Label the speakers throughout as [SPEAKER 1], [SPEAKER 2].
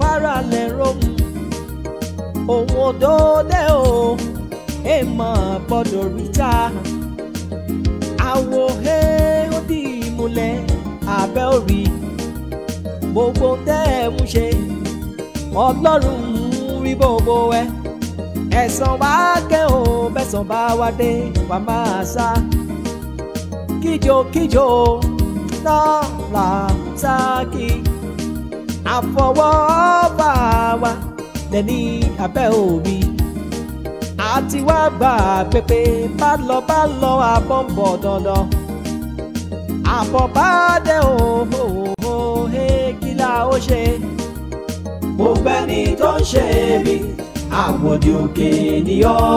[SPEAKER 1] bára lẹ̀ romu òun de o èèmọ̀ gbọ́dọ̀ rí ta àwò he ó di ìmùlẹ̀ abẹ́ òrì gbogbo tẹ́ ẹ mú ṣe ọlọ́run rí gbogbo ẹ ẹ̀san wá kẹ́ o bẹ́sàn ba wá dé wá máa sá kíjokíjo náà là ń sá kí àfọwọ́bà wa lẹ́ni abẹ́ omi àti wá gbà pépé bá lọ bá lọ àbọ̀ ń bọ̀ dandan àbọ̀ bá dé òhòhò èkìlá ó ṣe. mo gbẹ́ ni tó ń ṣe mí àwòdì òkè ni ọ́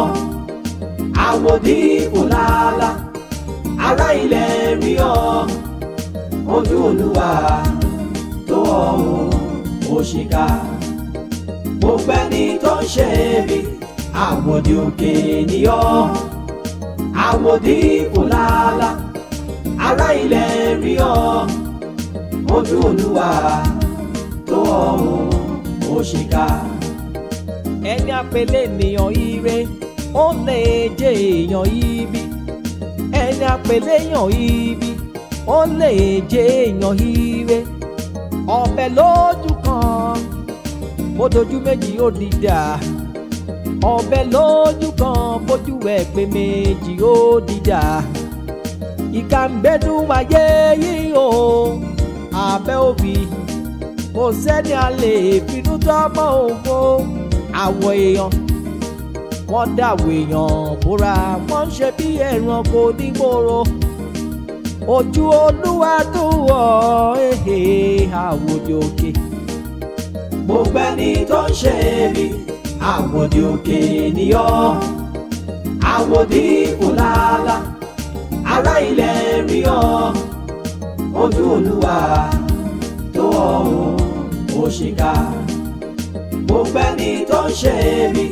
[SPEAKER 1] àwòdì òlàlà ará ilẹ̀ rí ọ́ ojú olúwa tó ọ̀ o òṣìkà gbogbo ẹni tó ń ṣe ibi àwòdì òkè nìyọ àwòdì kòlálà ará ilẹ̀ rí ọ ojú olúwa tó ọ̀hún òṣìkà. ẹni àpèlé ènìyàn ire ó lè jẹ èèyàn ibi ẹni àpèlé èèyàn ibi ó lè jẹ èèyàn ire ọ̀bẹ lójú bódojú méjì ó di dà ọ̀bẹ lójú kan bójú ẹ̀ pé méjì ó di dà ìkà ń bẹ́nu ayé yìí o abẹ́ òbí kò sẹ́ni a lè tọ́mọ òfo àwọ̀ èèyàn wọ́n dàwọ̀ èèyàn bóra wọ́n ń ṣe bí ẹranko nígboro ojú olúwa tó wọ̀ ẹ́ eh, eh, àwòjọ òkè gbogbo ẹni tó ń ṣe bí àwòdì òkè nìyọ́ àwòdì kòlálà ará ilẹ̀ rí ọ ojú olúwa tó ọ ò ṣìkà gbogbo ẹni tó ń ṣe bí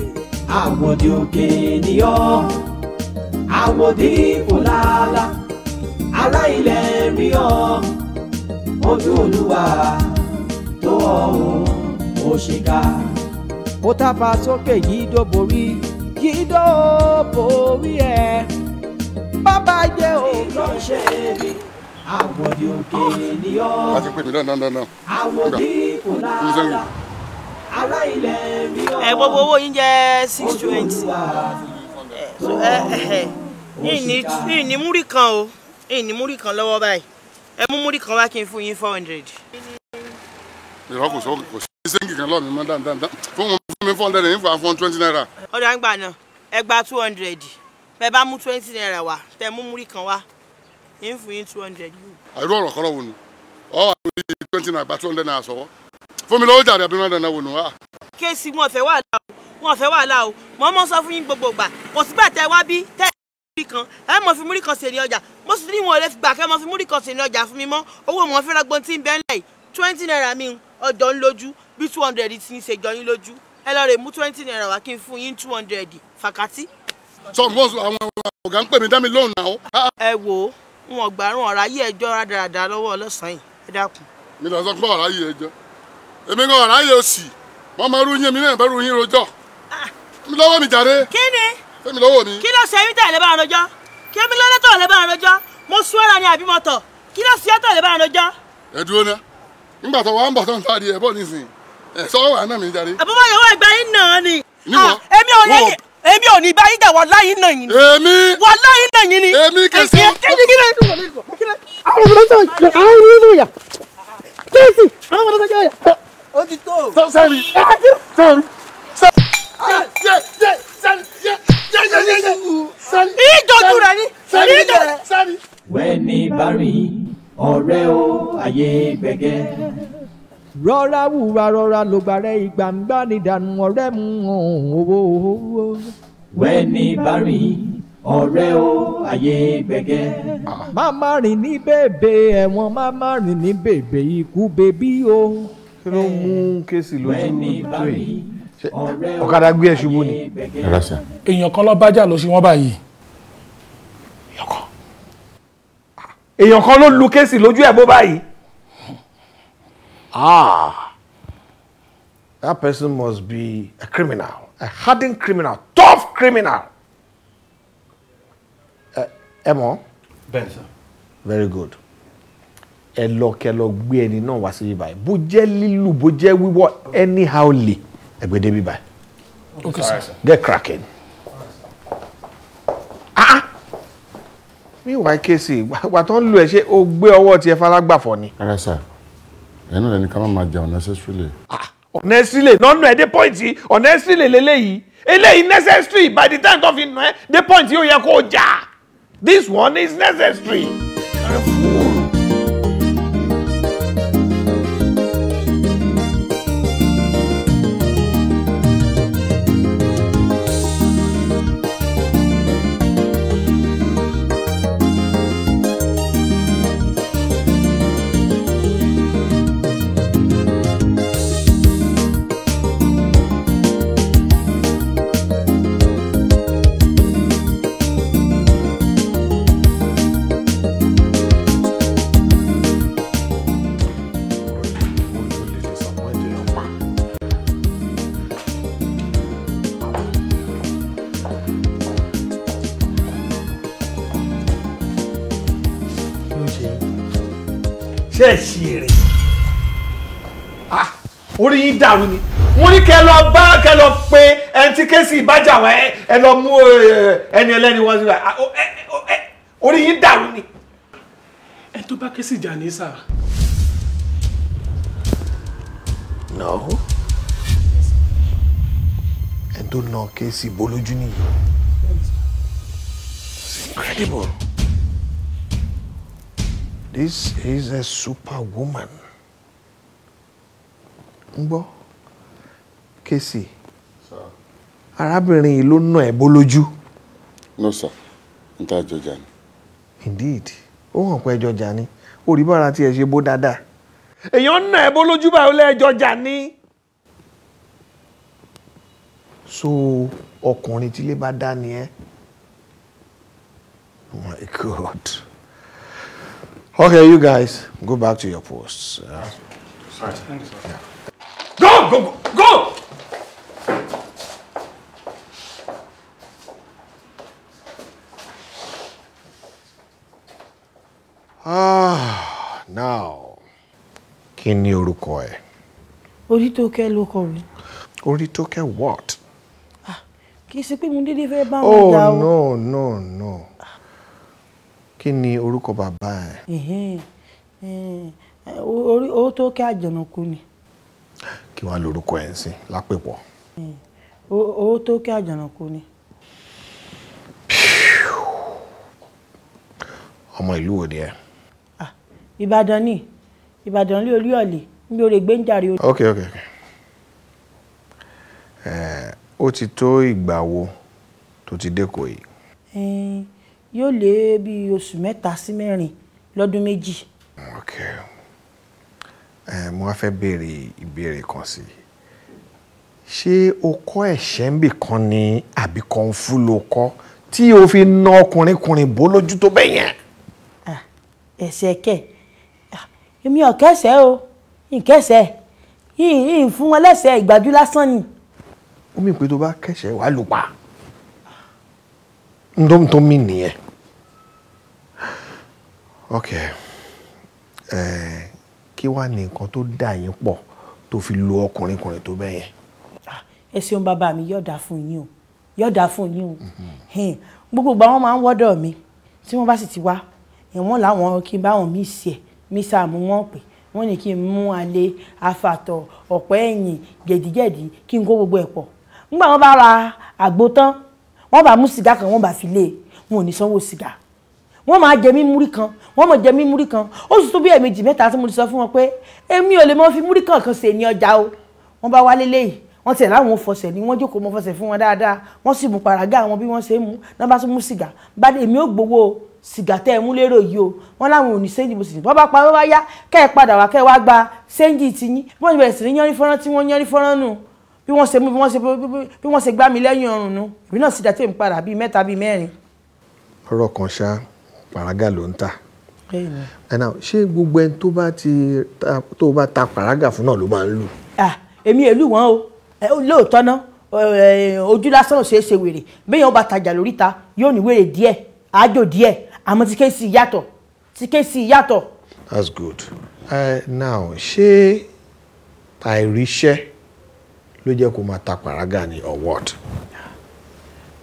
[SPEAKER 1] àwòdì òkè nìyọ́ àwòdì kòlálà ará ilẹ̀ rí ọ ojú olúwa tó ọ ò òṣìkà ó tábà sókè yìí dó borí yìí dó borí ẹ bàbá jẹ òòlù ṣe bí àwòdì òkè ni ọ àwòdì kò lára ará ilẹ̀ mi
[SPEAKER 2] ọ. ẹ gbogbo owó yín jẹ six twenty ìní múrí kan o ìní múrí kan lọ́wọ́ báyìí ẹ mú múrí kan wá kí n fún yín four hundred
[SPEAKER 3] ìrọ́ kò sọ kò sí sẹ́ńkì kan lọ́ọ̀mí mọ́ dáadáa fún mi fún mi four hundred ní fún twenty naira.
[SPEAKER 2] ọ̀dà ń gbà náà ẹ gba two hundred bẹ́ẹ̀ bá mú twenty naira wá tẹ mú múrí kan wá ń fún yín two hundred.
[SPEAKER 3] àìrú ọ̀rọ̀ kọ́rọ̀ wò ni ọ àwọn ìdí twenty naira gba two hundred naira sọ̀wọ́ fún mi lọ́wọ́ jàre àbí náà dáná wò ni wá. Ah.
[SPEAKER 2] kéèsì wọn fẹ́ wàhálà o wọn fẹ́ wàhálà o mọ́ mọ́ sọ fún yín gbogbo gbà kò sígbà tẹ wá bí tẹ múrí kan ẹ mọ̀ fi múrí kan sèrè ọjà mo sì ní ìwọ̀n rẹ̀ fi gbà kẹ́ mọ̀ fi múrí kan sèrè ọjà fún mi mọ́ owó mọ̀ fẹ́ràn gbọ́n tí ń bẹ́ẹ̀ lẹ̀ twenty naira mi ọjọ́ ń lójú bí two hundred ti ń ṣe jọyín lójú ẹ lọ rè mú twenty naira wá kí n fún yín two hundred fàkàtì. sọ fún ọsùn àwọn ọ̀gá ń pè mí dá mi lóhùn náà. ẹ wò ó wọn gbàrún ọ̀rá yìí ẹjọ́ rádaràda
[SPEAKER 3] lọ́wọ́ ọlọ́sàn yìí ẹ dákun. mi lọ sọ pé ọ̀rá yìí ẹjọ́ èmi kan ọ̀rá yìí òsì wọ́n máa rú yín mi náà bẹ́ẹ̀ rú yín rojọ́ ah. mi lọ́wọ́ mi jàre. kí ni fẹ́mi lọ́wọ́ mi. kí
[SPEAKER 2] ló ṣe yín tẹ̀lé bá àròjọ́ kí mi lọ́lẹ́tọ̀ lè bá àròjọ́ mo sún ẹ̀rọ ni àbí mọ́tọ̀ kí ló ṣe yín tẹ̀lé bá àròjọ́.
[SPEAKER 3] ẹ dúró náà nígbà tó wà ń bọ̀ tó ń ta adìyẹ bọ̀ nísìnyí ẹ̀ sọ́wọ́ wà náà mi jáde.
[SPEAKER 2] àbúrò ìyàwó ẹgbẹ́ yín náà ni.
[SPEAKER 3] èmi ò lẹ́yìn èmi ò ní bá yín jà wà láyé náà yín èmi wà láyé náà yín ni. èmi kẹsì. kíni kíni
[SPEAKER 4] àwọn
[SPEAKER 2] ọmọdé sọ àwọn ọmọdé sọ yà kíni àwọn ọmọdé sọ yà. ó ti tó. sọ́ọ̀sì sọ́ọ̀sì sọ́ọ̀sì.
[SPEAKER 1] ìjọ́jú rẹ̀ ni. ìjọ́jú rẹ̀. wẹ́ẹ̀ bá rí i ọ̀rẹ́ o ayé gbẹ̀gẹ́. rọra wùwà rọra lògbàrẹ ìgbà ń gbà ní ìdànù ọ̀rẹ́ mu owó owó. wẹ́ni bá ọ̀rẹ́ o ayé gbẹ̀gẹ́. má má rìn ní bèbè ẹ̀wọ̀n má má rìn ní bèbè ikú bèbí o. kí ló mú eh. kéésì lójú tó yìí ọ̀kadà gbé ẹ̀ ni. èèyàn kan lọ bájà ló ṣe wọ́n
[SPEAKER 5] báyìí. èèyàn kan ló lu kéèsì lójú ẹ̀ bó báyìí. ah that person must be a criminal a hardened criminal tough criminal. ẹ mọ̀. bẹ́ẹ̀ sọ. very good ẹ lọ kẹ lọ gbé ẹni náà wá sí bíbá yìí bó jẹ́ lílù bó jẹ́ wíwọ́ anyhow lè ẹgbẹ́ dé bíbá okay sir. get cracking. ah. ah meanwhile kéèsì ìgbà tó ń lu ẹ ṣé o gbé ọwọ́ tiẹ̀ falágbàfọ̀ ni. ara sà
[SPEAKER 3] ẹnu rẹ ni ká má máa jẹ unnecessarily. Ah,
[SPEAKER 5] unnecessarily nọ́nù ẹ̀ dé pọ́ìntì unnecessarily lélẹ́yìí eléyìí necessary by the time tó fi nù ẹ́ dé pọ́ìntì yóò yẹ kó o jà this one is necessary. orí yín dàrú ni wọ́n ní kẹ́ lọ bá kẹ́ lọ pé ẹni tí kéésì ìbájà wá ẹ lọ mú ẹni ẹlẹ́ni wọ́n sí wa orí yín dàrú ni.
[SPEAKER 6] ẹ tó bá kéésì jà ní sáà.
[SPEAKER 5] No. Ẹ tó na kéésì bolójú nìyí. It's incredible. This is a superwoman ń gbọ́ kèsì arábìnrin yìí ló nà ẹ́ bó lójú.
[SPEAKER 3] no sir n ta jọjà ni.
[SPEAKER 5] indeed ó hàn pé ẹjọ́ jà ni orí bára tiẹ̀ ṣe bó dáadáa èèyàn nà ẹ́ bó lójú báyìí ó lẹ́ẹ̀jọ́ jà ni. so ọkùnrin tí ilé bá dá ni oh my god okay you guys go back to your posts. Uh, Sorry. Thank you, sir. Yeah. Go, go,
[SPEAKER 6] go!
[SPEAKER 4] Ah,
[SPEAKER 5] now. Kí é? orúkọ ẹ?
[SPEAKER 2] Orítókẹ́ ló kọ mi.
[SPEAKER 5] Orítókẹ́ what?
[SPEAKER 2] Ah, í ṣe pé mo dédé fẹ́ bá wọn dá Oh no
[SPEAKER 5] no no. Kí
[SPEAKER 2] Eh, eh, o ẹ? Orí Orítókẹ́ Àjànàkú ni.
[SPEAKER 5] kí wàá lorúkọ ẹ̀ sí lápèpọ̀.
[SPEAKER 2] owó tó kí àjànàkú ni.
[SPEAKER 5] ọmọ ìlú wo ni ẹ.
[SPEAKER 2] Ah, ìbàdàn ni ìbàdàn lé orí ọ̀lẹ̀ mi ò lè gbé ń ok
[SPEAKER 5] ok ok ó ti tó ìgbà wo tó ti dẹ́kọ̀ yìí.
[SPEAKER 2] yóò lé bí oṣù mẹ́ta sí mẹ́rin lọ́dún méjì.
[SPEAKER 5] okay. ẹ mo wá fẹ́ béèrè ìbéèrè kan sí i ṣé o kọ́ ẹ̀ṣẹ̀ ń bì kan ní àbí kan fún lo kọ́ tí o fi na ọkùnrin kùnrin bó lójú tó bẹ́ẹ̀ yẹn.
[SPEAKER 2] ẹ̀ṣẹ̀ kẹ̀ èmi ò o ìkẹ́ṣẹ̀ yìnyín fún wọn lẹ́ṣẹ̀ ìgbájú lásán ni. ó mì pé tó bá kẹ́ṣẹ̀ wàá lù pa
[SPEAKER 5] ǹdó tó mì nìyẹn. ok. Uh kí wàá ní nǹkan tó dà yín pọ̀ tó fi lo ọkùnrin kùnrin tó bẹ́ẹ̀ yẹn.
[SPEAKER 2] Ah, ẹ ṣeun bàbá mi yọ̀ọ̀dà fún yín o yọ̀ọ̀dà fún yín o gbogbo ìgbà wọn máa ń wọ́dọ̀ mi tí wọ́n bá sì ti wá ìwọ̀n làwọn kí n bá wọn mí sí ẹ̀ mí sàmú wọn pè wọ́n ní kí n mú alẹ́ afàtọ̀ ọ̀pẹ́ ẹ̀yìn gẹ̀dígẹ̀dí kí n kó gbogbo ẹ̀ pọ̀ nígbà wọn bá ra àgbo tán wọ́n bá mú sìgá kan wọ́n bá fi lé e, wọn ò ní sanwó sìgá wọ́n máa jẹ mí múrí kan wọ́n máa jẹ mí múrí kan ó sì tún bí ẹ̀ẹ̀mejì mẹ́ta tí mo ti sọ fún wọn pé èmi ò lè mọ́ fi múrí kan kan ṣe ní ọjà o wọ́n bá wálé léyìí wọ́n tiẹ̀ láwọn fọsẹ̀ ni wọ́n jókòó mọ́ fọsẹ̀ fún wọn dáadáa wọ́n sì mú paraga àwọn bí wọ́n ṣe mú náà bá tún mú sìgá bá èmi ò gbowó sìgá tẹ́ ẹ mú lérò yìí o wọ́n láwọn ò ní sẹ́ńjì mo sì ní wọ́n bá pa wọ́n bá yá kẹ́ ẹ padà wá kẹ́ ẹ wá gba sẹ́ńjì tiyín bí wọ́n ti bẹ̀rẹ̀ sí ní yánrí fọ́nrán tí wọ́n yánrí fọ́nrán nù bí wọ́n ṣe mú bí wọ́n ṣe bí wọ́n ṣe gbá mi lẹ́yìn ọrùn nù èmi náà sì dá padà bíi mẹ́ta bíi mẹ́rin.
[SPEAKER 5] ọ̀rọ̀ kan ṣáá pàrágà ló ń tà ẹnà ṣé gbogbo ẹni tó bá ti tó bá ta pàrágà fún náà ló máa ń lù.
[SPEAKER 2] Ah, èmi èlú wọn o lóòótọ́ ná ojú lásán ò ṣeé ṣe wèrè béèyàn bá tajà lóríta yóò ní wèrè díẹ̀ àjò díẹ̀ àmọ́ ti kéésì yàtọ̀ ti kéésì yàtọ̀.
[SPEAKER 5] that's good now ṣé àìríṣẹ́ ló jẹ́ kó máa ta pàrágà ní or what.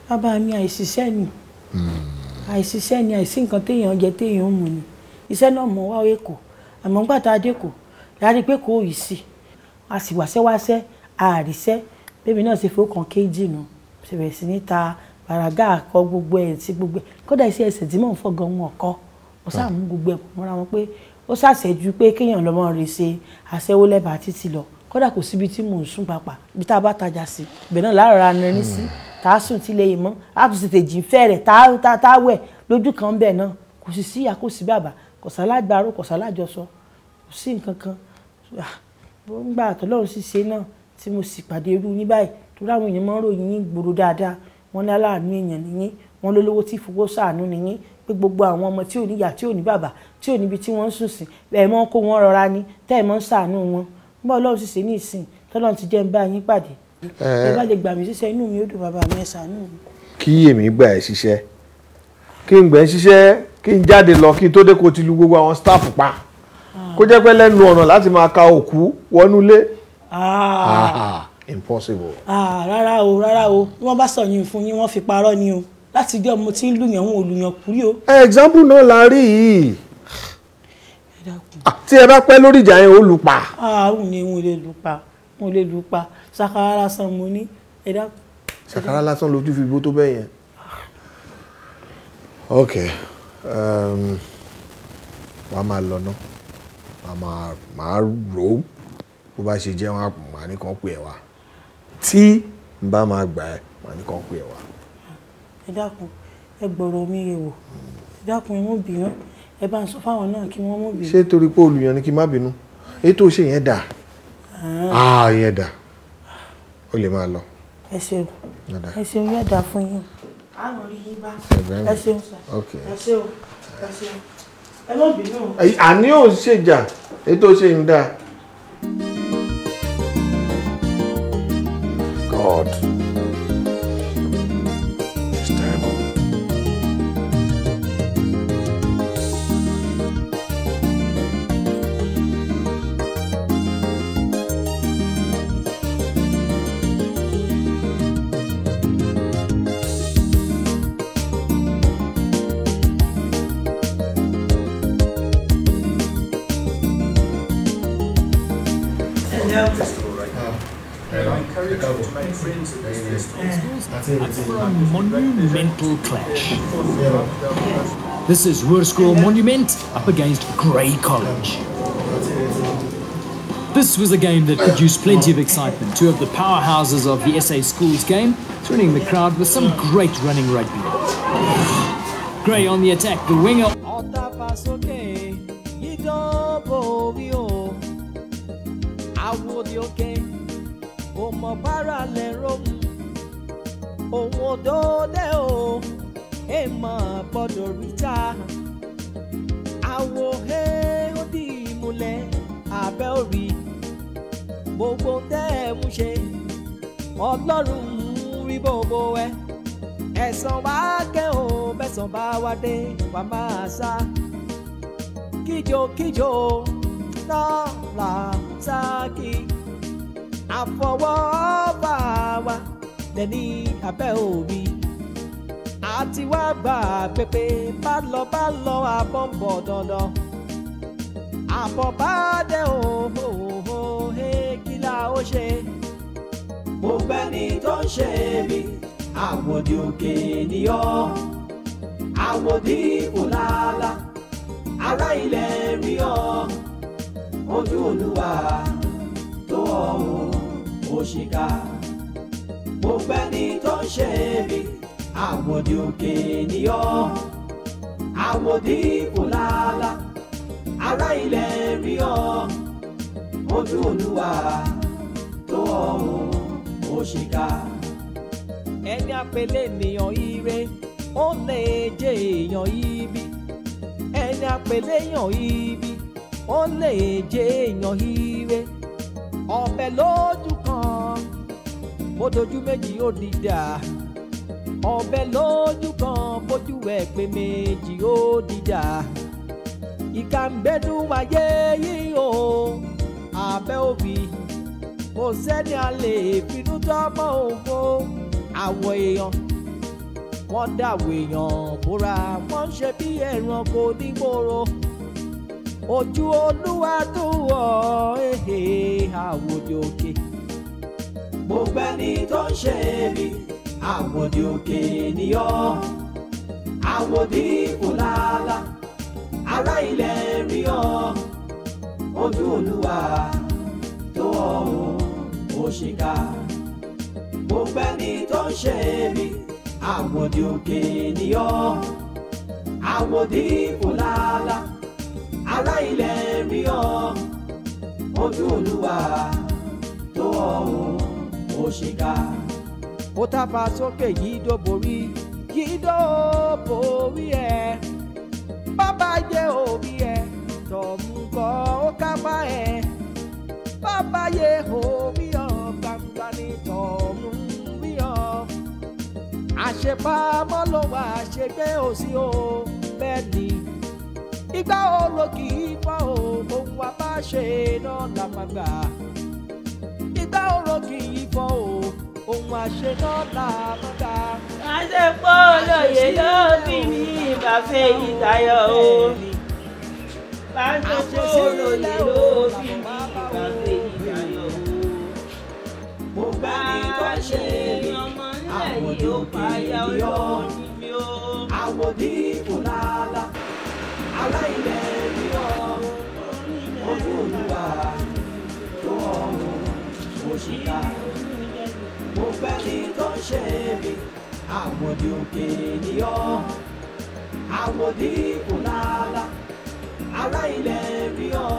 [SPEAKER 2] bàbá mi àìsíṣẹ́ ni. Mm àìsíṣẹ́ ni àìsí nǹkan téèyàn jẹ téèyàn mú ni iṣẹ́ náà mọ̀ wá èkó àmọ́ ńgbà tá a dé kò láti pé kò yìí sí a sì wáṣẹ́wáṣẹ́ àríṣẹ́ bẹ́ẹ̀ mi náà ṣe fowókan kéjì nù bẹ̀rẹ̀ sí ní ta bàràgà àkọ́ gbogbo ẹ̀ sí gbogbo ẹ̀ kódà iṣẹ́ ẹsẹ̀ tí mò ń fọ́gan wọn ọ̀kọ́ mo sáà mú gbogbo ẹ̀ pọ̀ mọ́ra wọn pé ó ṣàṣẹ́jú pé kéèyàn lọ́mọ rẹ̀ ṣe àṣẹ́wó lẹ́bàá títí lọ kódà kò síbi tí mò ń sún papà ibi tá a bá tajà sí ibẹ̀ náà láàárọ̀ ara ní sí tá a sùn tilẹ̀ yìí mọ́ a tún tètè jì fẹ́rẹ̀ tá a wẹ̀ lójú kan bẹ̀ náà kò sì sí ìyá kò sí bàbá kò sálágbárò kò sálájọsọ kò sí nǹkan kan gbà tọ́lọ́run ṣíṣe náà tí mo sì pàdé irú ní báyìí tó ráwọn èèyàn máa ń ròyìn yín gbòòrò dáadáa wọn ní aláàánú èèyàn nìyí wọn lólówó tí fowó ṣàánú nìyí pé gbogbo àwọn ọmọ tí ò níyà tí ò ní bàbá tí ò níbi tí wọ́n ń sùn sí ẹ̀ mọ́ kó wọn rọra ni tẹ́ ẹ̀ mọ́ ń ṣàánú wọn bọ́ọ̀ lọ́run ṣíṣe ní ìsìn tọ́lọ́run ti jẹ́ ń bá yín pàdé ẹ bá lè gbà mí ṣiṣẹ́ inú mi ó dùn bàbá mi ẹ ṣàánú mi.
[SPEAKER 5] kí èmi gbà ẹ ṣiṣẹ́ kí n gbà ẹ ṣiṣẹ́ kí n jáde lọ kí n tó dé kó ti lu gbogbo àwọn staff pa ah. kó jẹ́ pé lẹ́nu ọ̀nà láti máa ka òkú wọnú ilé.
[SPEAKER 2] Ah.
[SPEAKER 5] impossible.
[SPEAKER 2] Ah, rárá o rárá o bí wọ́n bá sọ yín fún yín wọ́n fi parọ́ ni o láti jẹ́ ọmọ tí ń lùyàn òun olùyàn kúrí o.
[SPEAKER 5] example náà la rí yìí tí ẹ bá pẹ́ lórí ìjà yẹn ó lù pa.
[SPEAKER 2] àwọn ní ìwọ̀n lè lù pa mo lè lù pa ṣàkàrà lásán mo ní ẹ̀dá.
[SPEAKER 5] ṣàkàrà lásán ló fi bó tó bẹ́ẹ̀ yẹn. ok um, wà á máa lọ ná màá rò ó bó bá ṣe jẹ́ wọn màá ní kàn pè ẹ́ wá tí n bá máa gbà ẹ́ màá ní kàn pè ẹ́ wá.
[SPEAKER 2] ẹ dákun ẹ gbọ́rọ̀ mi yẹ̀ wò ẹ dákun ẹ mú bínú ẹ bá ń sọ fáwọn náà kí wọ́n mú bínú. ṣé
[SPEAKER 5] torí pé olùyàn ni kí n má bínú ètò ìṣe yẹn dáa
[SPEAKER 2] Ah. ah
[SPEAKER 5] yẹn da. ó lè máa lọ.
[SPEAKER 2] ẹ ṣeun ẹ ṣeun yóò dà fún yín. àwọn orí yín bá ẹ ṣeun ẹ ṣeun ẹ ṣeun ẹ má bínú.
[SPEAKER 5] àní ò ń ṣèjà ètò ṣe ń dáa.
[SPEAKER 4] God.
[SPEAKER 3] a
[SPEAKER 1] monumental clash. This is School Monument up against Grey College. This was a game that produced plenty of excitement, two of the powerhouses of the SA Schools game, thrilling the crowd with some great running rugby. Gray on the attack, the winger. òun òdòdè o èèmọ̀ gbọ́dọ̀ rí ta àwọ̀ he o di ìmùlẹ̀ abẹ́ òrì gbogbo tẹ́ ẹ mú ṣe ọlọ́run rí gbogbo ẹ ẹ̀san wá kẹ́ o bẹ́sàn bá wá dé wá máa sá kíjokíjo tọ́lá sákì àfọwọ́ bá wa lẹ́ni abẹ́ òbí àti wá gbà pépé bá lọ bá lọ àbọ̀ ń bọ̀ dandan àbọ̀ bá dé òhòhò kí la ó ṣe. mo gbẹ́ ni tó ń ṣe mí àwòdì òkè nìyọ́ àwòdì kùlàlà ará ilẹ̀ rí ọ ojú olúwa tó ọ̀ ò ṣìkà gbẹ́ni tó ń ṣe bí àwòdì òkè nìyọ́ àwòdì kò lálá ará ilẹ̀ rí ọ ojú olúwa tó ọ ò ṣìkà. ẹni àpèlé ènìyàn ire ó lè jẹ́ èèyàn ibi ẹni àpèlé èèyàn ibi ó lè jẹ́ èèyàn ire ọ̀pẹ lójú bó dojú méjì ó di dà ọ̀bẹ lójú kan bójú ẹ̀ pé méjì ó di dà ìka ń gbẹ́dùn wáyé yìí o abẹ́ òbí kò sẹ́ni a lè finú tọ́mọ òfo àwọ̀ èèyàn wọ́n dàwọ̀ èèyàn bóra wọ́n ṣe bí ẹ̀ràn kò ní gbòòrò ojú olúwa tó wọ̀ ẹ́ àwòjọ òkè. Okay gbogbo ẹni tó ń ṣe bí àwòdì òkè nìyọ àwòdì fòlàlà ará ilẹ̀ rí ọ ojú olúwa tó ọ ò ṣìkà gbogbo ẹni tó ń ṣe bí àwòdì òkè nìyọ àwòdì fòlàlà ará ilẹ̀ rí ojú olúwa tó ọ ó ṣe ká. ó tàpá sókè yìí dó borí yìí dó borí ẹ bàbá jẹ́ òbí ẹ tọ̀hún kọ́ ó kápá ẹ bàbá yẹ òbí ọ gbangba ní tọ̀hún bí ọ. àṣepamọ́ ló wà àṣegbé òsì o bẹ́ẹ̀ ni ìgbà wo ló kì í fọ́ o ohun wa ṣe náà la máa gbà ìgbà fọ́ o ohun àṣetọ́lá múta. àṣepọ̀ olóye ló
[SPEAKER 2] bí mi ìbàfẹ́ ìtayọ̀ o àṣepọ̀ olóye ló bí
[SPEAKER 1] mi ìbàfẹ́ ìtayọ̀ o. mo gbà bá ṣe ọmọ
[SPEAKER 4] náà yìí ó payá ọlọ́run mi
[SPEAKER 1] o. àwòdì kùlàlà aláìlẹ̀ yíyọ ojú olúwa tó ọ̀run òṣìkà mo fẹ́ ní tó ń ṣe mí àwòdì òkè ni ọ́ àwòdì kùnàlà ará ilẹ̀ rí ọ́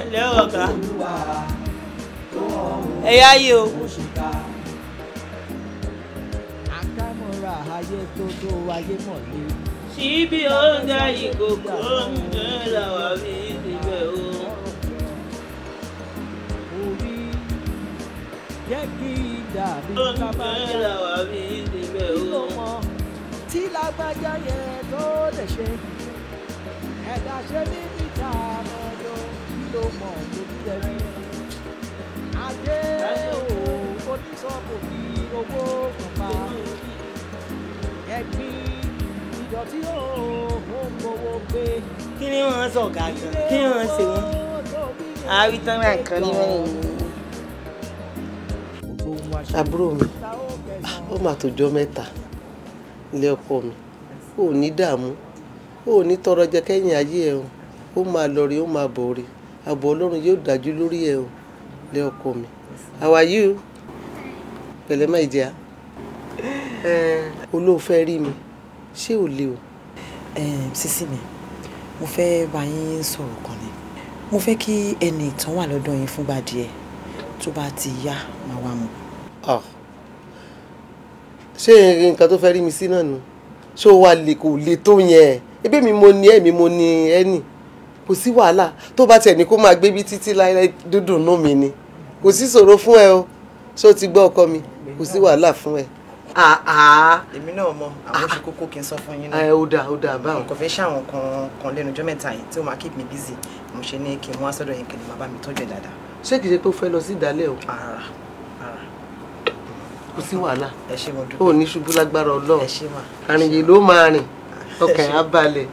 [SPEAKER 1] ẹ̀lẹ́ ọ̀gá ẹ̀yà yìí o. akámọ́ra ayé tó tó ayé mọ̀lẹ́.
[SPEAKER 2] síbi oúnjẹ ìkòkò oúnjẹ làwọn mi ti bẹ̀
[SPEAKER 1] o. jẹ́ kí dàbí lágbájá làwa mi níbẹ̀ o. kí ló mọ tí lágbájá yẹn tó lè ṣe ẹ̀dá ṣe ní níta lọ́yọ̀ kí ló mọ tó o oníṣọ́kò ní owó kọ̀ọ̀pá ẹ̀gbin ìdọ̀tí o ń
[SPEAKER 2] gbowó gbé. kí ni wọ́n sọ gàgàn kí ni wọ́n ṣe wọ́n àárí tán náà kan ní mẹ́rin
[SPEAKER 4] yìí
[SPEAKER 7] àbúrò mi ó mà tòjọ́ mẹ́ta ilé ọkọ mi ò ní dààmú ò ní tọrọ jẹ kẹ́yìn ayé ẹ o ó máa lọ rí ó máa bọ̀ rí ààbò ọlọ́run yóò dájú lórí ẹ o ilé ọkọ mi how are you pẹ̀lẹ́ má ìdíyà olóòfẹ́ rí mi ṣé ò le o. sísí mi mo fẹ́ bá yín sọ̀rọ̀ kan ni
[SPEAKER 2] mo fẹ́ kí ẹnì tán wà lọ́dọ̀ yín fúngbà díẹ̀ tó bá ti yá màá wá mu.
[SPEAKER 7] Ah. ṣé nǹkan tó fẹ́ rí mi sí náà nu ṣé o wà lè kò lè tó yẹn ebi mi mo ní ẹ̀mí mo ní ẹ̀nì kò sí wàhálà tó bá tiẹ̀ ní kó máa gbé bí títí láéláé dúdùn nú mi ni kò sí ṣòro fún ẹ o ṣé o ti gbọ́ ọkọ mi kò sí wàhálà fún ẹ èmi náà mọ àwọn oṣù kókó kí n sọ fún yín náà. ó dáa ó dáa báwọn. nǹkan fẹ́ ṣàwọn kan kan lẹ́nu ọjọ́ mẹ́ta yìí tí ó máa keep me busy mo ṣe ní kí n wá sọ́dọ̀ yẹn kí n máa bá mi tọ́jú ẹ̀ dáadáa. ṣé kìí ṣe pé o fẹ́ lọ sí ìdálẹ́ o. rárá kò sí wàhálà ó ní ṣubú lágbára Ọlọ́run àrìnyè ló máa rìn ọkàn á balẹ̀.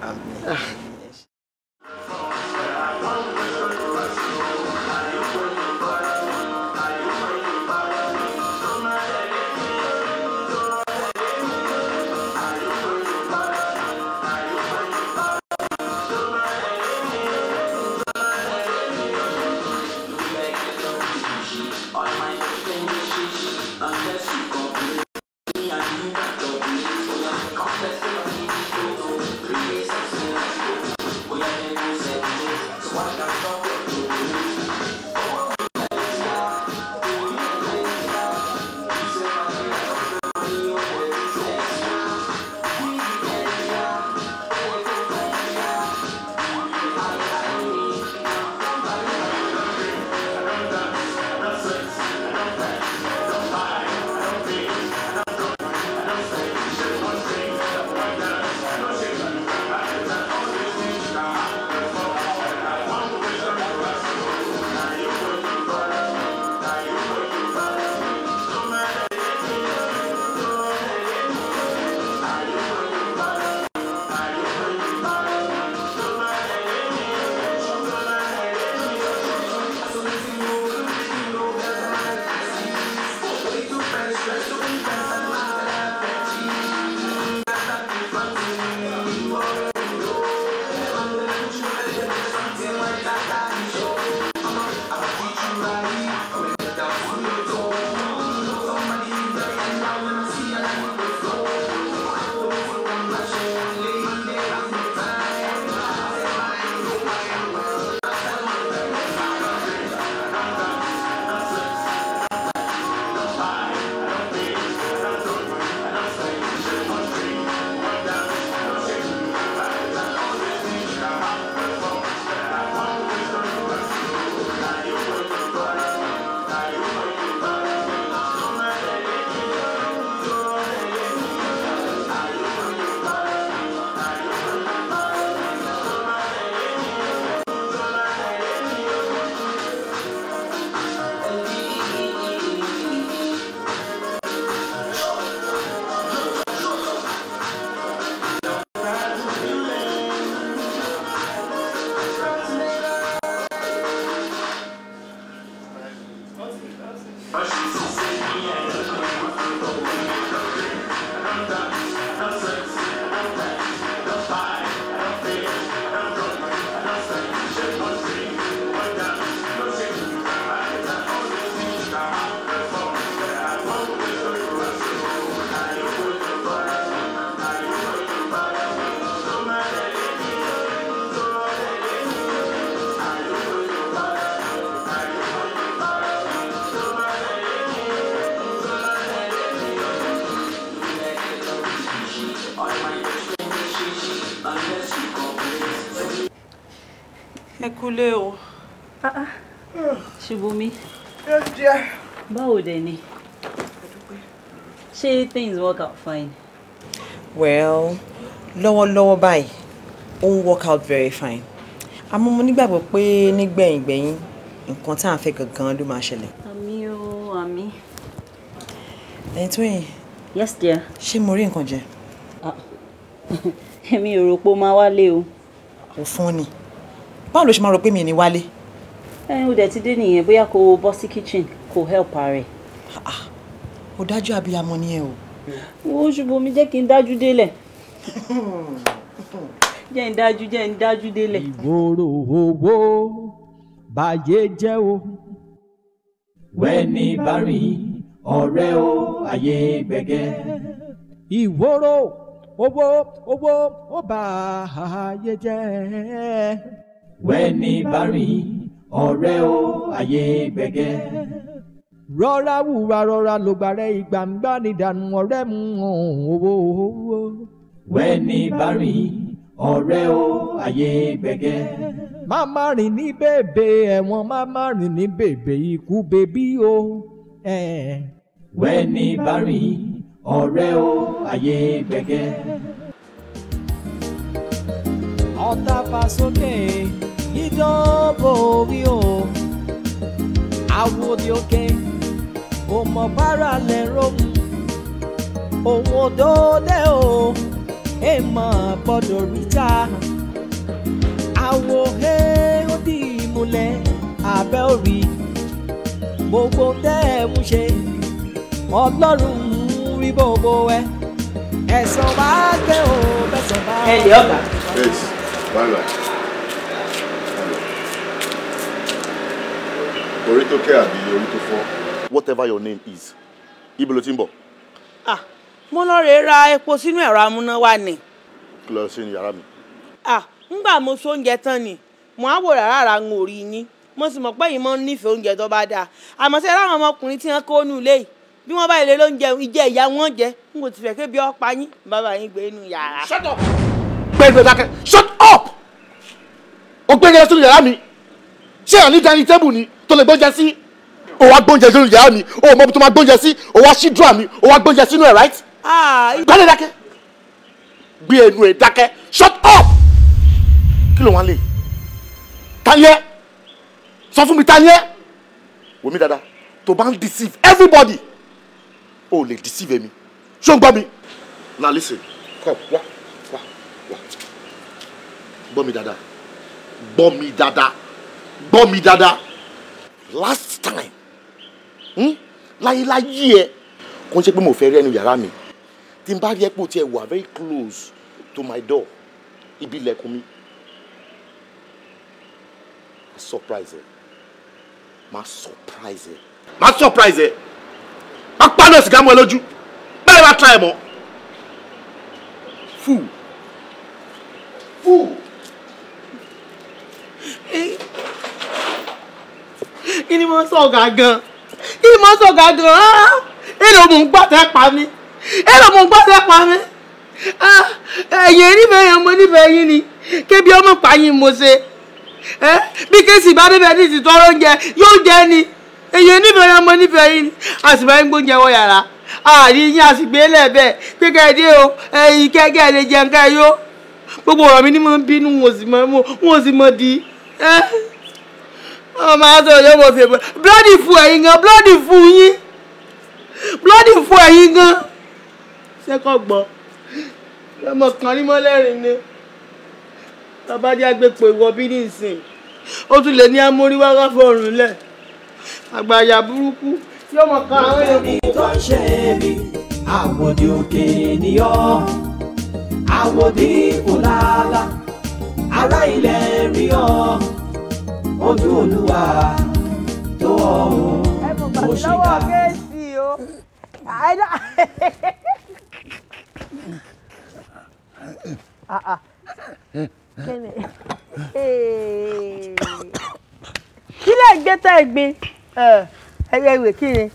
[SPEAKER 2] dear. Báwo dẹ̀ ni? Ṣé things work out fine? Well, lower lower ó ń work out very fine. I'm mo nígbàgbọ́ pé nígbẹ̀yìngbẹ̀yìn nǹkan tá à ń fẹ́ gangan ló máa ṣẹlẹ̀.
[SPEAKER 3] Àmì o, àmì.
[SPEAKER 2] Ẹyin tó yìn. Yes dear. Ṣé mo rí nǹkan jẹ? Ah. Èmi ò rò pé ó máa wálé o. Ò fún ni. Báwo ló me máa rò pé ẹ o dẹ̀ ti dé nìyẹn bóyá kó o bọ́ sí kitchen kó o help ààrẹ. ó ah, ah, dájú abiyamọ ni ẹ o. wo ṣùgbọ́n mi jẹ́ kí n dájú délẹ̀ jẹ́ ń dájú jẹ́ ń dájú délẹ̀.
[SPEAKER 1] ìgboro owó bàyè jẹ́ o. wẹ́ni bá rí ọ̀rẹ́ o ayé gbẹ̀gẹ́. ìwòrò owó owó ó bà jẹ́. wẹ́ni bá rí ọ̀rẹ́ o ayé gbẹ̀gẹ́. rọra wùwà rọra lògbà rẹ ìgbà ń gbà ní ìdànù ọ̀rẹ́ mu owó owó. wẹ́ni bá ọ̀rẹ́ o ayé gbẹ̀gẹ́. má má rìn ní bèbè ẹ̀wọ̀n má má rìn ní bèbè ikú bèbí o.
[SPEAKER 4] wẹ́ni bá rìn ọ̀rẹ́ o ayé gbẹ̀gẹ́.
[SPEAKER 1] ọ̀tá fa sókè. Okay yídánwò orí o àwòdì òkè òmò bára lè rohùn òun òdòdè o èèmọ̀ gbọ́dọ̀ ríta àwò he ó dì í múlẹ̀ abẹ́ òrì gbogbo tẹ́ ẹ mú ṣe ọlọ́run rí gbogbo ẹ ẹ̀sán bá gbé o bẹ́sàn bá. ẹ
[SPEAKER 8] lè yes bye bye. Oritoke àbí Oritofo. Whatever your name is, ibo
[SPEAKER 2] Ah, mo lọ ra epo sínú ẹ̀rọ amúnáwá ni. Kí lọ sí mi? Ah, ngbà mo so oúnjẹ tán ni, mo á rárá ara ń orí Mo sì mọ̀ pé mo oúnjẹ tó bá jẹ, ti fẹ́ Bàbá yín gbé yàrá. Shut up! Gbẹ́gbẹ́ Shut up!
[SPEAKER 8] ṣé ẹ̀ ní dining table ni tó lè gbóúnjẹ sí o wá gbóúnjẹ sínú yàrá mi o mọ bí tó máa gbóúnjẹ sí o wá ṣí dúrà mi o wá gbóúnjẹ sínú ẹ̀ right. gbálẹ̀ ah, dákẹ́ gbé ẹnu ẹ̀ dákẹ́ shut up kí ló wá lè tayẹ sọ fún mi tayẹ wò mí dáadáa tó bá deceive everybody o lè deceive èmi ṣó ń gbọ́ mi. na listen come wá wá wá gbọ́ mi dáadáa gbọ́ mi dáadáa gbọ́ mi dada. last time hmm? láyéláyé ẹ kò ń ṣe pé mo fẹ́ rí ẹnu yàrá mi tí n bá rí ẹ pé o wà very close to my door ibi ilẹ̀kùn mi máa surprise ẹ máa surprise ẹ máa surprise ẹ máa pa sìgá mọ́ ẹ lójú báyìí máa try ẹ mọ́ fúù
[SPEAKER 2] kí ni mo ń sọ̀gà gan kí ni mo ń sọ̀gà gan ah! èlò mò ń gbà tẹ́ pa mí èlò mò ń gbà tẹ́ pa mí ah! ẹ̀yìn nífẹ̀ẹ́ yẹn mo nífẹ̀ẹ́ yín ni kébi ọmọ pààyàn mo ṣe bí kéésì bá débẹ̀ ní ti tọrọ oúnjẹ yóò jẹ ni ẹ̀yìn nífẹ̀ẹ́ yẹn mo nífẹ̀ẹ́ yín ni àṣìbá yín gbóúnjẹ wọ yàrá àrí yín àṣìgbé lẹ́ẹ̀bẹ̀ pé kẹ́ẹ̀dé o ẹ̀yìn kẹ́kẹ́ lè jẹun ká yó gbogbo ọ̀rọ̀ mi ni mo ń bínú wọn ò sì mọ̀ di. Eh? ọmọ àti òye mo fi búlọ́dì fún ẹ̀yin gan búlọ́dì fún yín búlọ́dì fún ẹ̀yin gan sẹ́kọ̀ gbọ́ lọ́mọ kan ní mọ́lẹ́rìn ni bàbá jẹ́ agbépo ìwọ bí ní ìsìn ó tún lè ní amóríwá wá fọrùn lẹ̀ àgbàyà burúkú yóò mọ̀ ká àwọn èèyàn kúkú.
[SPEAKER 1] ẹni tó ń ṣe mí àwòdì òkè nìyọ́ àwòdì òlàlà ará ilẹ̀ rí ọ ojú olúwa tó ọ o mo ṣe ká.
[SPEAKER 4] Ah, ah.
[SPEAKER 2] kí lè gbé tá ẹ gbin ẹyẹ ìwé kí ni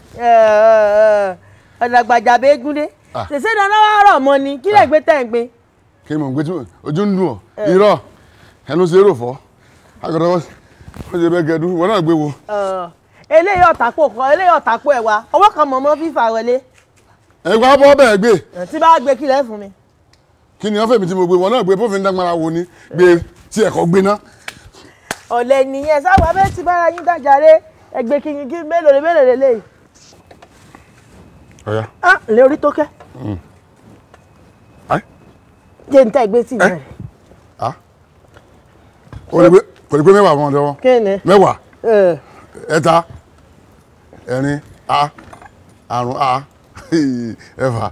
[SPEAKER 2] ọ̀dàgbàjà bẹ́ẹ́gúndé ah. ṣèṣe dáná wàá rọ̀ mọ́ ni kí lè gbé tá ẹ gbin.
[SPEAKER 3] kí ni mò ń gbé tí ojú ń dùn ọ irọ́ ẹnu zero èrò fọ́ àgọ́dọ̀ wọ́n ṣe bẹ́gẹ̀dú wọn náà gbé wo.
[SPEAKER 2] eléyìí ọ̀tàpọ̀ kan eléyìí ọ̀tàpọ̀ ẹ̀ wa ọwọ́ kan mọ̀mọ́ fífa wọlé.
[SPEAKER 3] ẹ̀gbọ́n bọ́ bẹ́ẹ̀ gbé.
[SPEAKER 2] tí bá gbé kílẹ̀ fún mi. kí ni wọ́n fẹ̀mí
[SPEAKER 3] tí mo gbé wọn náà gbé bófin dágbára wo ni gbé tí ẹ̀kọ́ gbé ná.
[SPEAKER 2] ọ̀lẹ́ nìyẹn sáwọn abẹ́ ti bára yín dájàre ẹgbẹ́ kìnyìnkì mélòó mélòó lélẹ́yìí. ọ̀ya. ah tó kẹ́. Mm. jẹ́ ní tá ẹgbẹ́ tì yẹn
[SPEAKER 3] kò ní pé mẹ́wàá wọn
[SPEAKER 2] lọ́wọ́
[SPEAKER 3] mẹ́wàá ẹ̀ta ẹ̀rin a àrún a ẹ̀fà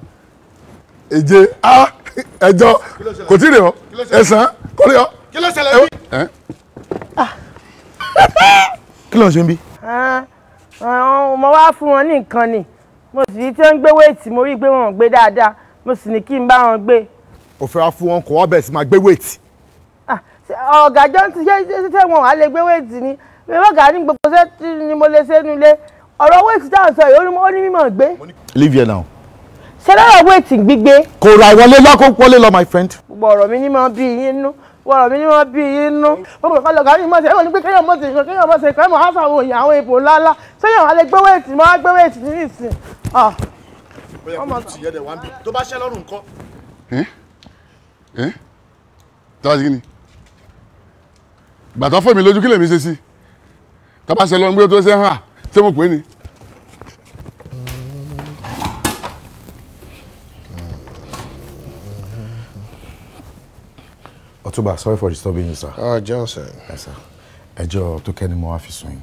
[SPEAKER 3] èje a ẹ̀jọ
[SPEAKER 8] kò tí ì rẹ̀ ọ́
[SPEAKER 2] ẹ̀sán kò rí ọ́. kí ló ṣẹlẹ̀ bí. Ah. kí ló ń ṣe ń bí. Ah. Ah, mo wá fún wọn ní nǹkan ni mo sì tí ó ń gbé wéètì mo rí i pé wọn ò gbé dáadáa mo sì ní kí n bá wọn gbé. ó fẹ́ wá
[SPEAKER 8] wá bẹ̀rẹ̀ sí máa gbé wéètì
[SPEAKER 2] ọ̀gá johnson ṣé ṣé wọn wàá lè gbé wéètì ni ọ̀gá ní gbogbo ṣé ni mo lè ṣe é nulẹ̀ ọ̀rọ̀ wéètì tá à ń sọ yìí ó ní mímọ̀ gbé. leave here now. ṣé lọ́rọ̀ wéètì gbígbé.
[SPEAKER 8] kò ra ìwọlé lákò lọ my friend.
[SPEAKER 2] gbogbo ọ̀rọ̀ mi ní mọ bí yín nú wọ̀rọ̀ mi ní mọ bí yín nú gbogbo ọ̀gá lọ́gà ní mọ̀ọ́sẹ̀ ẹ̀wọ̀n ní pé kéèyàn mọ̀ọ́sẹ̀ ìṣàn kéèyàn mọ̀ọ́sẹ̀ kẹ́mọ̀ á sàwọn òyìn àwọn èèpo ńláńlá sẹ́yìn wà lè gbé wéètì
[SPEAKER 3] mọ́ á gbàtọ́ fún mi lójú kí lèmi ṣe sí tó bá ṣe lọ gbé tó ṣe hàn ṣé mo pè é ni.
[SPEAKER 8] ọtúbà sorry for disturbing you sir. ọ jẹ́ ọ̀sẹ̀. ẹ sà ẹjọ́ tó kẹ́ni mo wá fi sùn yìí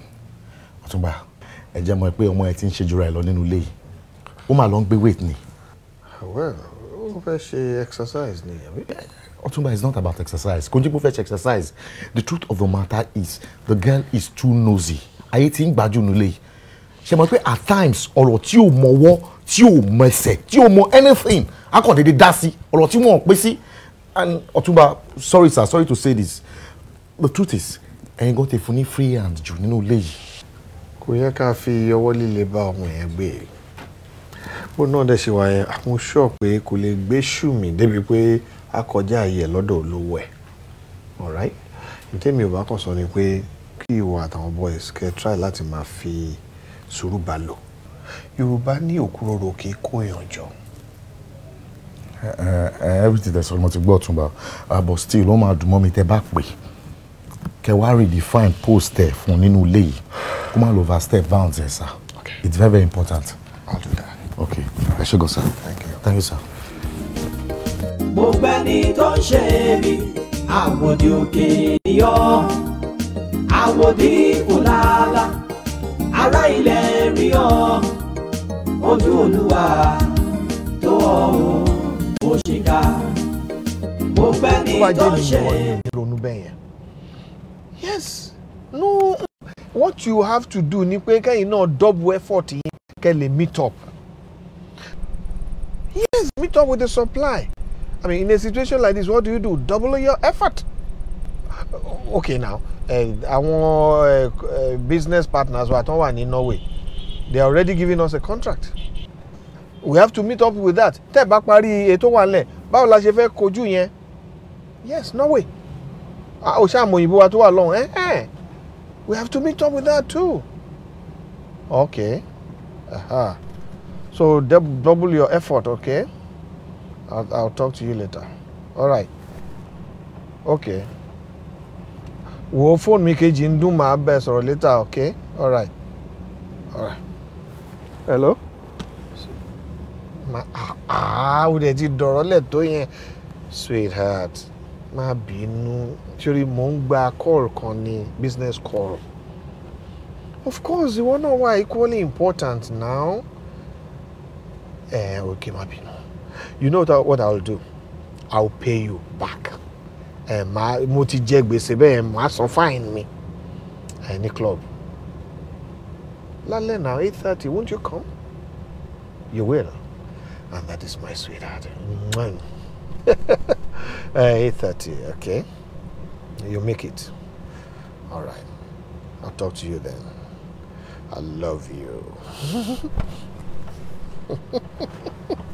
[SPEAKER 8] ọtúbà ẹ jẹ́ mọ̀ pé ọmọ ẹ ti ń ṣe jura ẹ lọ nínú ilé yìí ó mà lọ ń gbé weight ni.
[SPEAKER 5] Ah, well ó fẹ́ ṣe exercise ni àbí.
[SPEAKER 8] Otumba, is not about exercise. Kunjibu fetch exercise. The truth of the matter is the girl is too nosy. Ayé ti ń gbájú nulẹ̀. Ṣé at times ọ̀rọ̀ tí ò mọwọ́, tí ò mọ ẹsẹ̀, tí ò mọ anything, akọ̀dédé dá sí, ọ̀rọ̀ tí wọ́n pè sí. And Otumba, sorry sir, sorry to say this. The truth is, ẹ̀yin gan ti fún ní free hand jù nínú ilé yìí. Kò yẹ ká fi ọwọ́ líle bá ọmọ yẹn gbé e.
[SPEAKER 5] Bó náà dẹ̀ ṣe wáyé, àwọn ṣọ́ọ̀pù pé kò lè gbé ṣù mí débi pé á kọjá ayé ẹ̀ lọ́dọ̀ olówó ẹ̀ alright ìtẹ́mi ò bá kàn sọ ni pé kí ìwọ àtàwọn boys kẹ try láti máa fi sùúrù bá lò yorùbá ní òkúròrò kì í kó èèyàn jọ.
[SPEAKER 8] Eh, eh, everything dey sọ mo ti gbọ́ ọ̀túnba ah, àbọ̀ still ó máa dùn mọ́ mi tẹ́ bá pè kẹ wá redefine post ẹ̀ fún nínú ilé yìí kó má lọ overstep bounds ẹ̀ sá it's very very important. I'll do that. okay ẹ ṣé gan sir thank you, thank you sir
[SPEAKER 1] mo gbẹ́ni tó ń ṣe bí àwòdì òkè nìyọ àwòdì fòlàlà ará ilẹ̀ rí ọ ojú olúwa tó ọ ò ṣìkà
[SPEAKER 5] mo gbẹ́ni tó ń ṣe
[SPEAKER 4] yes no
[SPEAKER 5] what you have to do ni pé kẹ́yìn náà double effort yín kẹ́ lè meet up yes meet up with the supply I mean, in a situation like this, what do you do? Double your effort. Okay, now, àwọn uh, business partners What tó in Norway, they are already giving us a contract. We have to meet up with that. Tẹ́ bá parí ètò wa lẹ̀, báwo la ṣe fẹ́ kojú yẹn? Yes, Norway. Ah, o ṣàmù òyìnbó wa tó wà lọ́hùn. Eh, We have to meet up with that too. Okay. Aha. Uh-huh. So double your effort, okay? I'll, I'll talk to you later. All right. Okay. We'll phone mi kejì ń dún màá bẹ̀ sọ̀rọ̀ later, okay? All right. All right. Hello? Ma ah, ah ó dẹ̀ ti dọ̀rọ̀ lẹ̀ Sweetheart, My bínú. Ṣorí mò ń gba call Connie. business call. Of course, ìwọ know why equally important now. eh, okay, my bínú you know what I'll do I'll pay you back ẹ máa mo ti jẹ gbèsè bẹ́ẹ̀ máa san fine mi ẹ ní club lálẹ́ náà eight thirty won't you come you will and that is my sweetheart eight thirty okay you make it all right I'll talk to you then I love you.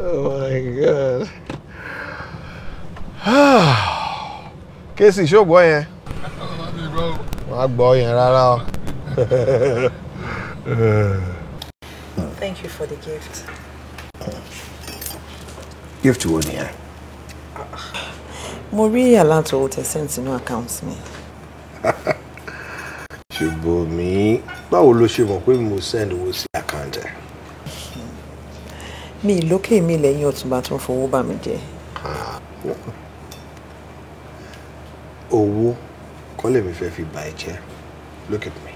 [SPEAKER 4] Oh my god.
[SPEAKER 5] Kéèsì ṣògbọ́ yẹn. Wàá gbọ́ yẹn rárá o.
[SPEAKER 2] Thank you for the gift.
[SPEAKER 7] Gift
[SPEAKER 5] to ni
[SPEAKER 2] ẹ?
[SPEAKER 7] Mo allowed to owó tẹ send sínú àkáǹtì mi.
[SPEAKER 5] Ṣùgbọ́n mi, báwo ló ṣe mọ̀ pé mo send owó sí àkáǹtì
[SPEAKER 7] mi lókè mi lẹ́yìn ọ̀túnba tó ń fowó bà mí jẹ́.
[SPEAKER 5] Ah, owó kọ́ lèmi fẹ́ fi bà ẹ́ jẹ́ look at me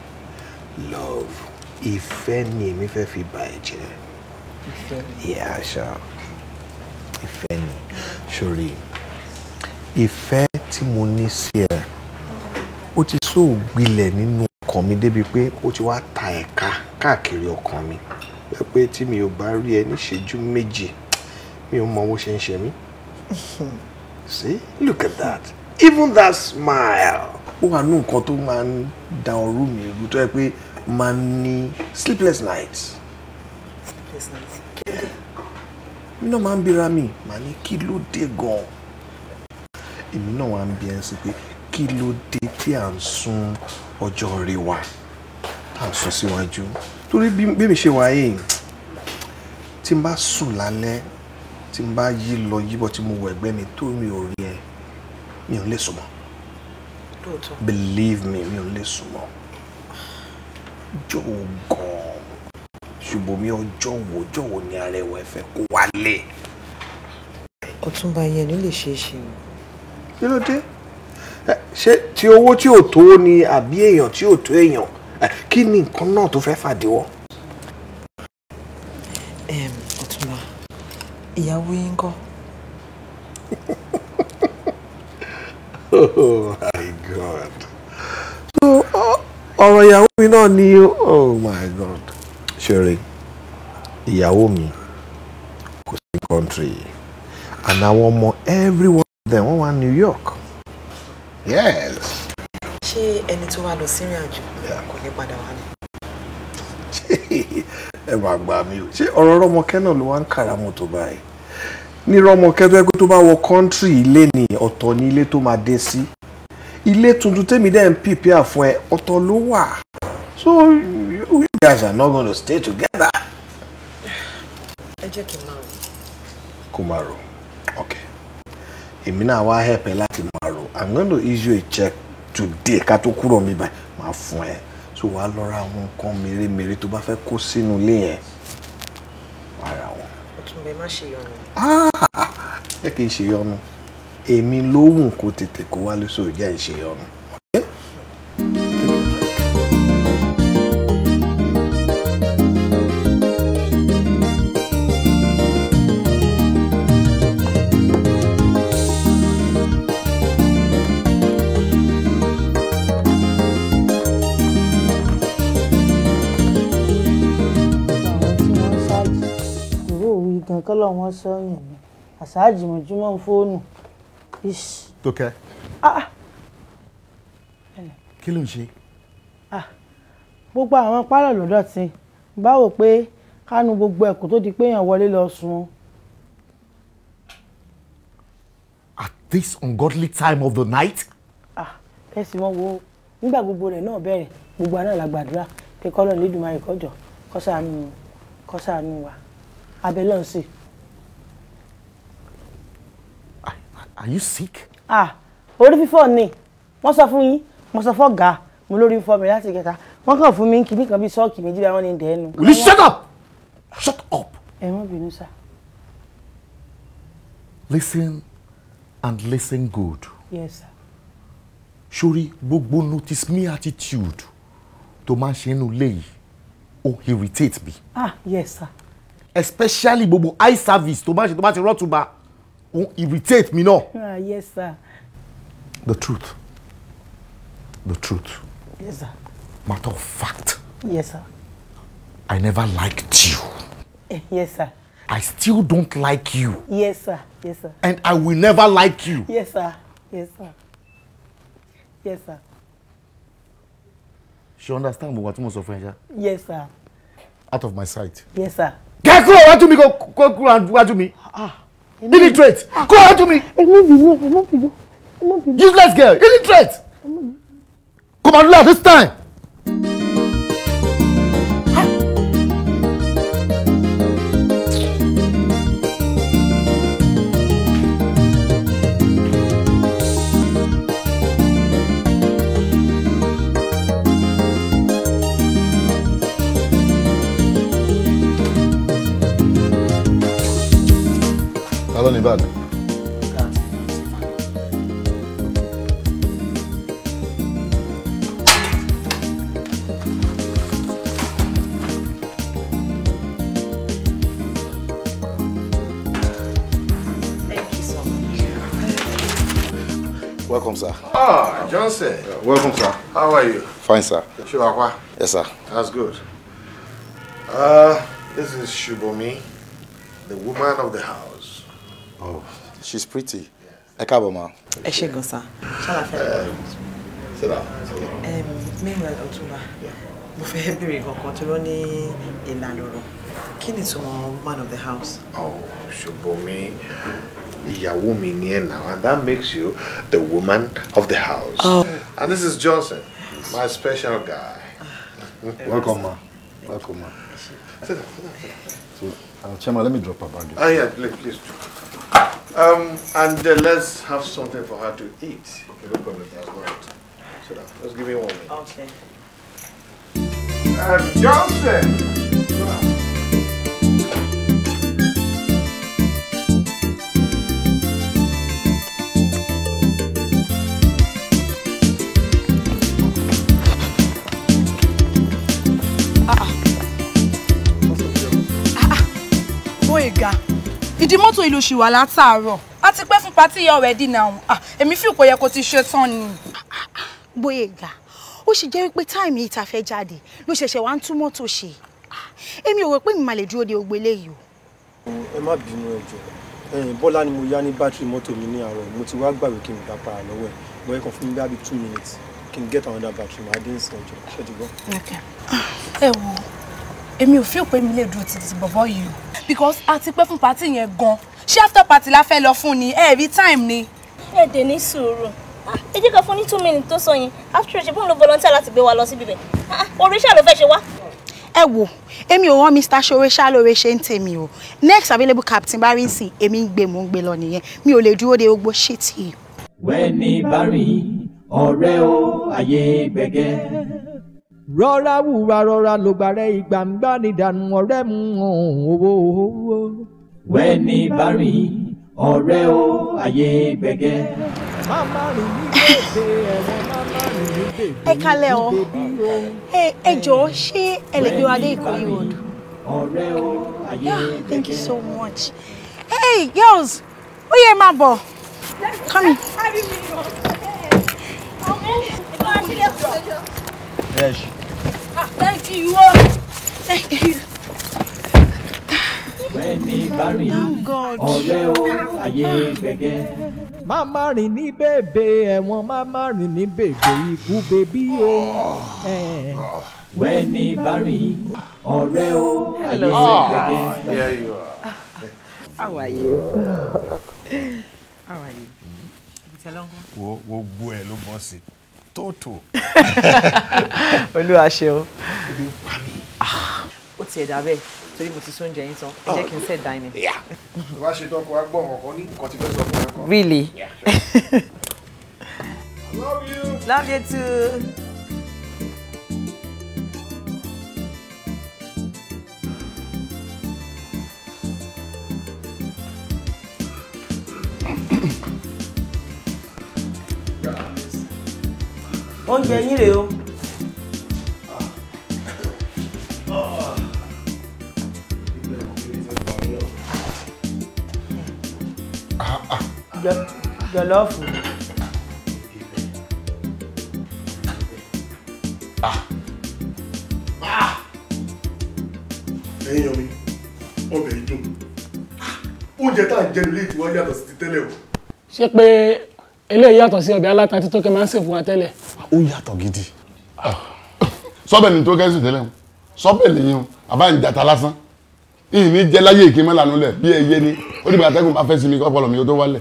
[SPEAKER 5] love ìfẹ́ ni èmi fẹ́ fi bà ẹ́ jẹ́ yeah sure ìfẹ́ ni sori ìfẹ́ tí mo ní sí ẹ ó ti sóògbilẹ̀ nínú ọkàn mi débi pé ó ti wá ta ẹ̀ka káàkiri ọkàn mi. Mm -hmm pé tí mi ò bá rí ẹ níṣẹ́jú méjì mi ò mọ owó ṣe ń ṣe mí. see look at that even that smile. ó wà ní nǹkan tó máa ń da ọrú mi rú tó yẹ pé máa ń ní sleepless nights.
[SPEAKER 2] sleepless nights.
[SPEAKER 5] mi náà máa ń bira mi màá ní kí ló dé gan-an. èmi náà wàá ń bí ẹ sí pé kí ló dé tí à ń sún ọjọ́ rẹ wá à ń sún síwájú. Si torí bí mi ṣe wà yìí tí n bá sùn lálẹ́ tí n bá yí lọ yíbọ tí mo wọ ẹ̀gbẹ́ mi tó mi ò rí ẹ mi ò lè sùn mọ́ believe me mi ò lè sùn mọ́ jọ̀wọ́ gan-an ṣùgbọ́n mi ọjọ́
[SPEAKER 2] wo ọjọ́ wo ni arẹwà ẹ fẹ́ kó wálé.
[SPEAKER 7] ọ̀túnba yẹn ló lè ṣe é
[SPEAKER 5] ṣe o. kí ló dé ṣé ti owó tí ò tó ni àbí èèyàn tí ò tó èèyàn kí ni nǹkan náà tó fẹ́ fàdíwọ́.
[SPEAKER 7] ọ̀túnba ìyàwó yín kọ́.
[SPEAKER 5] oh my god so ọ̀rọ̀ ìyàwó mi náà ni oh my god ṣeré ìyàwó mi kò sí country and àwọn ọmọ every one of them wọ́n wà New York
[SPEAKER 2] yes ṣé ẹni tó wá lọ
[SPEAKER 5] sírìn àjò kò ní padà wá ni. ẹ wàá gbà mí o ṣé ọ̀rọ̀ rọ́mọkẹ́ náà ló wá ń kàrà mọ́tò báyìí ní rọ́mọkẹ́ fẹ́ kó tó bá wọ kọ́ńtírì ilé ní ọ̀tọ̀ ní ilé tó máa dé sí ilé tuntun tèmi dẹ́ ń pìpìà fún ẹ ọ̀tọ̀
[SPEAKER 2] ló wà so you
[SPEAKER 5] guys are not going to stay together.
[SPEAKER 2] ẹ jẹ́ kí n máa rò.
[SPEAKER 5] kó máa rò ok èmi náà wá help láti máa rò i'm going to issue a check today ká tó kúrò mi báyìí máa fún ẹ so wàá lọ ra àwọn nǹkan mèremère tó bá fẹ́ kó sínú ilé yẹn ara wọn.
[SPEAKER 2] òtúnbẹ má ṣe yọnu.
[SPEAKER 4] Ah!
[SPEAKER 5] jẹ́ kí n ṣe yọnu èmi ló kó tètè kó wálé sóò jẹ́ ìṣe yọnu.
[SPEAKER 2] kọ́lọ̀ wọn sọ́yìn mi àṣáàjì mọ̀júmọ́ fóònù.
[SPEAKER 8] tókẹ́ ah, ah. kí ló ń ṣe.
[SPEAKER 2] Ah, gbogbo àwọn pálọ̀ lọ́dọ̀ tí báwo pé kánú gbogbo ẹ̀kọ́ tó di pé èèyàn wọlé lọ sùn.
[SPEAKER 8] at this ungodly time of the night.
[SPEAKER 2] ẹ sì wo nígbà gbogbo rẹ̀ náà bẹ̀rẹ̀ gbogbo àná la gbàdúrà pé kọ́lọ̀ nídùúmọ̀ àìkọ́jọ́ kọ́sàánú kọ́sàánú wa abẹ
[SPEAKER 8] are you sick.
[SPEAKER 2] ah orí fífọ́ ni wọ́n sọ fún yín mo sọ fún ọ̀gá mo lórí fọ́ mi láti kẹta wọ́n kàn fún mi ní kinní kan bíi sọ́ọ̀kì méjì bí wọ́n ní dẹ̀ ẹnu.
[SPEAKER 8] will you shut up
[SPEAKER 2] shut up. ẹ wọ́n bínú sá.
[SPEAKER 8] listen and listen good. yes sir. sori gbogbo notice me attitude tó máa ń ṣe inú ilé yìí ó irritate me.
[SPEAKER 2] ah yes sir
[SPEAKER 8] especially gbogbo eye service tó bá ṣe tó bá ti rọ́tùbà ó irritate mi náà.
[SPEAKER 2] ah yes sir.
[SPEAKER 8] the truth the truth. yes sir. matter of fact. yes sir. I never liked you.
[SPEAKER 2] Eh, yes sir.
[SPEAKER 8] I still don't like you.
[SPEAKER 2] Yes sir. Yes sir.
[SPEAKER 8] And I will never like you.
[SPEAKER 2] Yes sir. Yes sir. Yes sir.
[SPEAKER 8] She understand what mo sọ fún ẹ ṣá? Yes sir. Out of my sight. Yes sir kẹ́ kúrò wájú mi kó kúrò wájú mi ah, illiterate ah. kúrò wájú mi useless girl illiterate come on now this time. zgody. Welcome, sir.
[SPEAKER 5] Ah, Johnson. Yeah, uh, welcome, sir. How are you?
[SPEAKER 8] Fine, sir. Shubakwa. Yes, sir.
[SPEAKER 5] That's good. Uh, this is
[SPEAKER 8] Shubomi, the woman of the house. Oh, she's pretty. Eka
[SPEAKER 2] káàbọ̀ ma. Ẹ ṣé gan sa. Ṣálàfẹ́. Um, um, meanwhile, Ọ̀túnba, mo fẹ́ béèrè kankan tó lọ ní ìlànà ọ̀rọ̀. Kí ni ìtumọ̀ man of the house? Oh, ṣùgbọ́n mi
[SPEAKER 5] ìyàwó mi ni ẹ̀ now and that makes you the woman of the house. Oh. And this is Johnson, my special guy. Welcome ma.
[SPEAKER 8] Welcome ma. Sit down. So, uh, Chema, let me drop her bag. Ah, yeah,
[SPEAKER 5] please, please Um, and uh, let's have something for her to eat. Okay, no problem. That's not. So that, let's give me one minute. Okay. Um, Johnson!
[SPEAKER 2] Ah, ah. ah. Boy, ìdí mọ́tò ìlú ṣì wà látàárọ̀ a ti pẹ́ fún patí ìyá ọ̀rẹ́ dì náà ah èmi fi kò yẹ kó ti ṣe tán ni. Gbóyèga ó ṣì jẹ́ wípé táìmì yìí fẹ́ jáde ló ṣẹ̀ṣẹ̀ wá ń tún mọ́tò ṣe èmi ò rò pé mi máa lè dúró de ògbé eléyìí o.
[SPEAKER 6] ẹ má bínú ẹ jọ̀ọ́ ẹ̀yìn Bọ́lá ni mo yá ní bátìrì mọ́tò mi ní àárọ̀ mo ti wá gbàgbé kí n gbà para lọ́wọ́ ẹ̀ bọ́ ẹ fún mi bí i two minutes kí n get another battery máa dé ìsìn ẹjọ́
[SPEAKER 2] ṣé ti gbọ́. Ah, ẹ èmi ò feel pé mi lè dúró títí bọ̀bọ̀ yìí because a ti pẹ́ fún pàtí yẹn gan ṣé after party la fẹ́ lọ fún ni every time ni. ẹ dè ní sùúrù ah, ẹ jẹ́ ká fún ní two minutes tó sọ yẹn after she fún ló volunteer láti gbé wa lọ síbi Ah, ah oríṣà ló fẹ́ ṣe wa? ẹ wo èmi ò wọ́n mr ṣoreṣà lóore ṣe ń tèmi o next available captain barrinson èmi ń gbé mò ń gbé lọ nìyẹn mi ò lè dúró de ogbó shit
[SPEAKER 1] yìí. wẹ́ẹ̀ ni bá rí ọ̀rẹ́ o àyè gbẹ̀gẹ́ rọra wùwà rọra lògbà rẹ ìgbà ń gbà ní ìdànù ọ̀rẹ́ mu owó owó. wẹ́ni bá rí ọ̀rẹ́ o ayé gbẹ̀gẹ́.
[SPEAKER 2] ẹ kalẹ̀ o ẹ jọ̀ọ́ ṣé ẹ lè gbé wa dé Ìkòyí road. ọ̀rẹ́ o ayé ah, gbẹ̀gẹ́. thank you so much. hey girls ó yẹ máa bọ̀ come in. Yes. Ah, thank you. Thank you.
[SPEAKER 1] Bẹ́ẹ̀ni bá rí ọ̀rẹ́ o, ayé gbẹ̀gẹ́. Má má rìn ní bèbè ẹ̀wọ̀n, má má rìn ní bèbè ikú bèbí o.
[SPEAKER 4] Bẹ́ẹ̀ni bá ọ̀rẹ́ o, ayé gbẹ̀gẹ́. Ah, How are you? How are you?
[SPEAKER 5] Wo gbó ẹ ló bọ́ sí i. Toto.
[SPEAKER 2] olúwa ṣeun. ebi
[SPEAKER 7] ah, ti ẹ̀dá bẹ́ẹ̀ torí mo ti sún yín tán
[SPEAKER 2] ẹ jẹ́ kí n set dining. Oh, tó ṣe tán kó wá gbọ́ ọ̀kan ní nǹkan tí fẹ́ sọ fún ẹ kan. really. I love you. love you too. oúnjẹ yín rèé o. jọlọ́ọ̀fù. ẹ̀yin
[SPEAKER 8] yan mi ọbẹ̀ yìí dùn oúnjẹ tá à ń jẹ nílé ìtura yàtọ̀ sí ti tẹ́lẹ̀ o.
[SPEAKER 4] ṣé pé
[SPEAKER 6] eléyìí yàtọ̀ sí ọbẹ̀ aláta títọ́kẹ́ máa ń sè wa tẹ́lẹ̀
[SPEAKER 3] ó yàtọ̀ gidi. Ah. sọ́bẹ̀ ni tó kẹ́sì tẹ́lẹ̀ sọ́bẹ̀ lèyìn àbá ń jata lásán ìní jẹ́ láyé ìkí mọ́ lànà lẹ̀ bí ẹyẹ ni ó dìgbà atẹ́gùn bá fẹ́ sí mi kọ́pọ̀lọ́ mi ó tó wálẹ̀.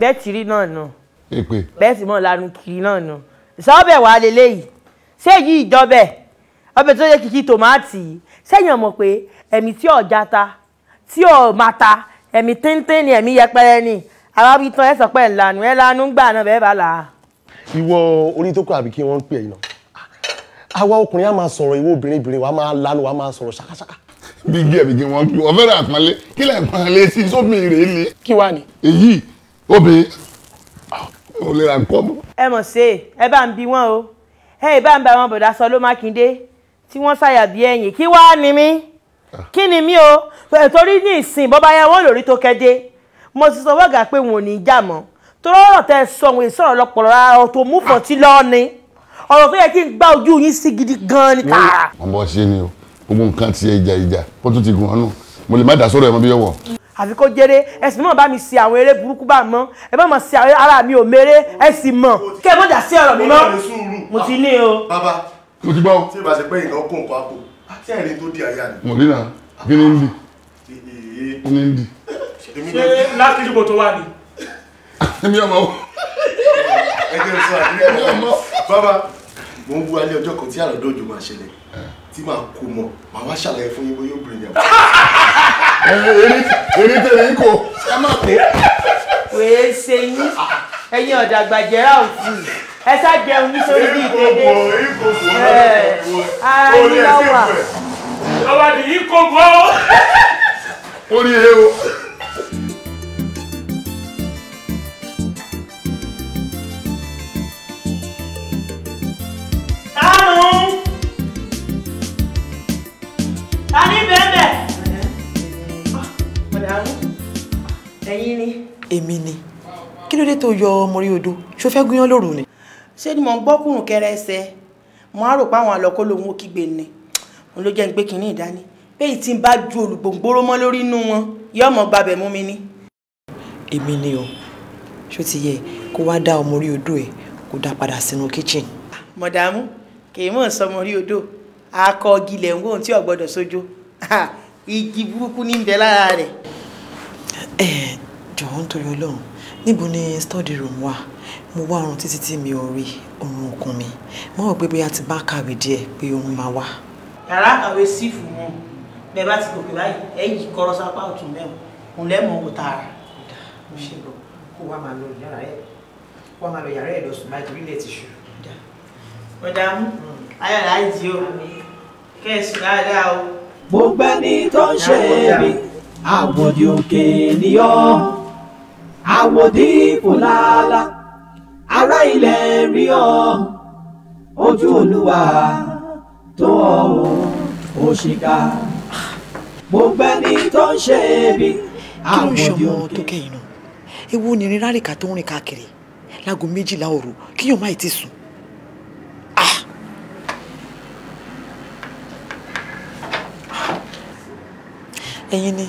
[SPEAKER 2] bẹ́ẹ̀ ti rí náà nù. èpè. bẹ́ẹ̀ sì mọ̀ lanu kiri náà nù. sọ́bẹ̀ wà lélẹ́yìí ṣé èyí ìjọbẹ̀ ọbẹ̀ tó yẹ kìkì tòmátì sẹ́yìn ọmọ pé ẹ̀mí tí ò jata tí ò mata ẹ̀mí téńté ni ẹ̀mí yẹpẹrẹ ni àwọn ibi tán ẹ̀ sọ pé ẹ̀ lanu ẹ̀ lanu gbà náà bẹ́ẹ̀ bá là
[SPEAKER 8] ìwọ onítòkò àbí kí wọ́n ń pè é iná àwa ọkùnrin á máa sọ̀rọ̀ ìwọ obìnrin obìnrin wa máa lanu wa máa sọ̀rọ̀ ṣàkàṣàkà. bí gí ẹbí kí wọn kí wọn fẹ́rẹ̀ àpọ́nlé kí lẹ̀ pọ́nlé sí sómi rè é ni. kí wàá ni. èyí
[SPEAKER 3] obìnrin ò lè ra nǹkan mọ́.
[SPEAKER 2] ẹ mọ̀ ṣe ẹ bá ń bi wọ́n o ẹ bá ń ba àwọn bọ̀dá Ṣọló Mákindé tí wọ́n ṣàyà bí ẹ̀yìn kí wàá ni mí ah. kí ni mí o torí ní ìsìn bọ́bá yẹn wọ́n lórí tó kẹ́ dé mo ti sọ wọ́gà pé wọn ò ní í jà mọ́ torí ọ̀rọ̀ tẹ sọ̀hún ìsọ̀rọ̀ lọ́pọ̀lọ́ rárá ọ̀rọ̀ tó mú fọ̀tí lọ́ọ̀ni ọ̀rọ̀ tó yẹ kí n gbá ojú yín sí gidi gan ni tààrà.
[SPEAKER 3] wọn bọ ṣe ni o gbogbo nǹkan ti ìjà ìjà kó tún ti gùn ọ́nù mo lè má dà sọ́rọ̀ ẹ̀ mọ́ bí yọ̀wọ̀.
[SPEAKER 2] àfi kó jẹrẹ ẹsìn mọ bá mi ṣe àwọn eré burúkú bá mọ ẹ bá mọ ṣe ara mi ò mèrè ẹ sì mọ kẹ ẹ mọ dà sí ọ̀rọ̀ mi mọ́ mo ti ní
[SPEAKER 8] o. bàbá mo ti gbọ́. tí ìbáṣe pé ìnáwó kò ń pa kò sí ẹ̀rín tó di àyà ni.
[SPEAKER 3] mo rí náà kí ni ń di kí ni ń di.
[SPEAKER 8] ṣé láti ìdìbò tó wà ní èmi ọmọ wò. ẹ jẹ́ sọ àdúrà ọmọ bàbá mo ń wú alẹ́ ọjọ́ kan tí àròdó òjò máa ṣẹlẹ̀ tí màá kó mọ màá wá ṣàlàyé fún yín bóyá obìnrin yàrá.
[SPEAKER 2] eré tẹ̀lé ń kó. ẹ má pé. wèé ṣe yín ẹ̀yin ọ̀dàgbàjẹ́ rà òkú ẹ sá jẹun nítorí bí ìkéde ẹ ayélujára. ọba nìyí kò bọ́. ó ní ehe àánú ẹ̀yin ni. èmi ni kí ló dé tó yọ ọmọ orí odò ṣó fẹ́ gúnyán lóru ni. ṣé ni mò ń gbọ́kùnrùn kẹrẹ ẹsẹ̀ mo á rò pé àwọn àlọ́kọ́ lòun ò kígbe ni òun ló jẹ́ ń gbé kinní ìdání pé ìtì ń bá ju olùgbòǹgbòrò mọ́ lórí inú wọn yóò mọ gbàbẹ̀ mú mi ni. èmi ni o ṣó ti yẹ kó wá dá ọmọ orí odò ẹ kó dá padà sínú kitchen. mọ̀dàmú kì mọ̀ sọmọ orí odò akọ gilẹ̀ ń wò tí ò sójó igi burúkú ní ń bẹ lára rẹ̀ ẹ eh, jọ̀wọ́ nítorí ọlọ́run níbo ni study room wà mo wá oorun títí tí mi ò rí oorun ọkàn mi mo rò pé bóyá ti bá kàwé díẹ̀ pé oorun máa wà. yàrá kàwé sífù wọn bẹ́ẹ̀ bá ti gòkè báyìí ẹ yí kọrọ sápá ọ̀tún mẹ́wọ̀n òun lẹ́mọ̀ ọ́ tààrà. mo ṣe lọ kó wàá máa lọ yàrá ẹ wàá máa lọ yàrá ẹ lọ sùn máa ti ṣù. ọ̀dà
[SPEAKER 1] mú ayọ̀lá jì ó kẹ́ ẹ̀ dáadáa o. mo gbẹ́ni tó ń ṣe é àwòdì òkè nìyọ àwòdì fòlàlà ará ilẹ̀ rí ọ ojú olúwa tó ọ òṣìkà gbogbo ẹni tó ń ṣe bí àwòdì òkè. ewu ni
[SPEAKER 2] rin
[SPEAKER 7] rárìkà tó ń rìn káàkiri láago méjìlá òru kíyàn má ti sùn. Ah!
[SPEAKER 2] ẹ̀yin ni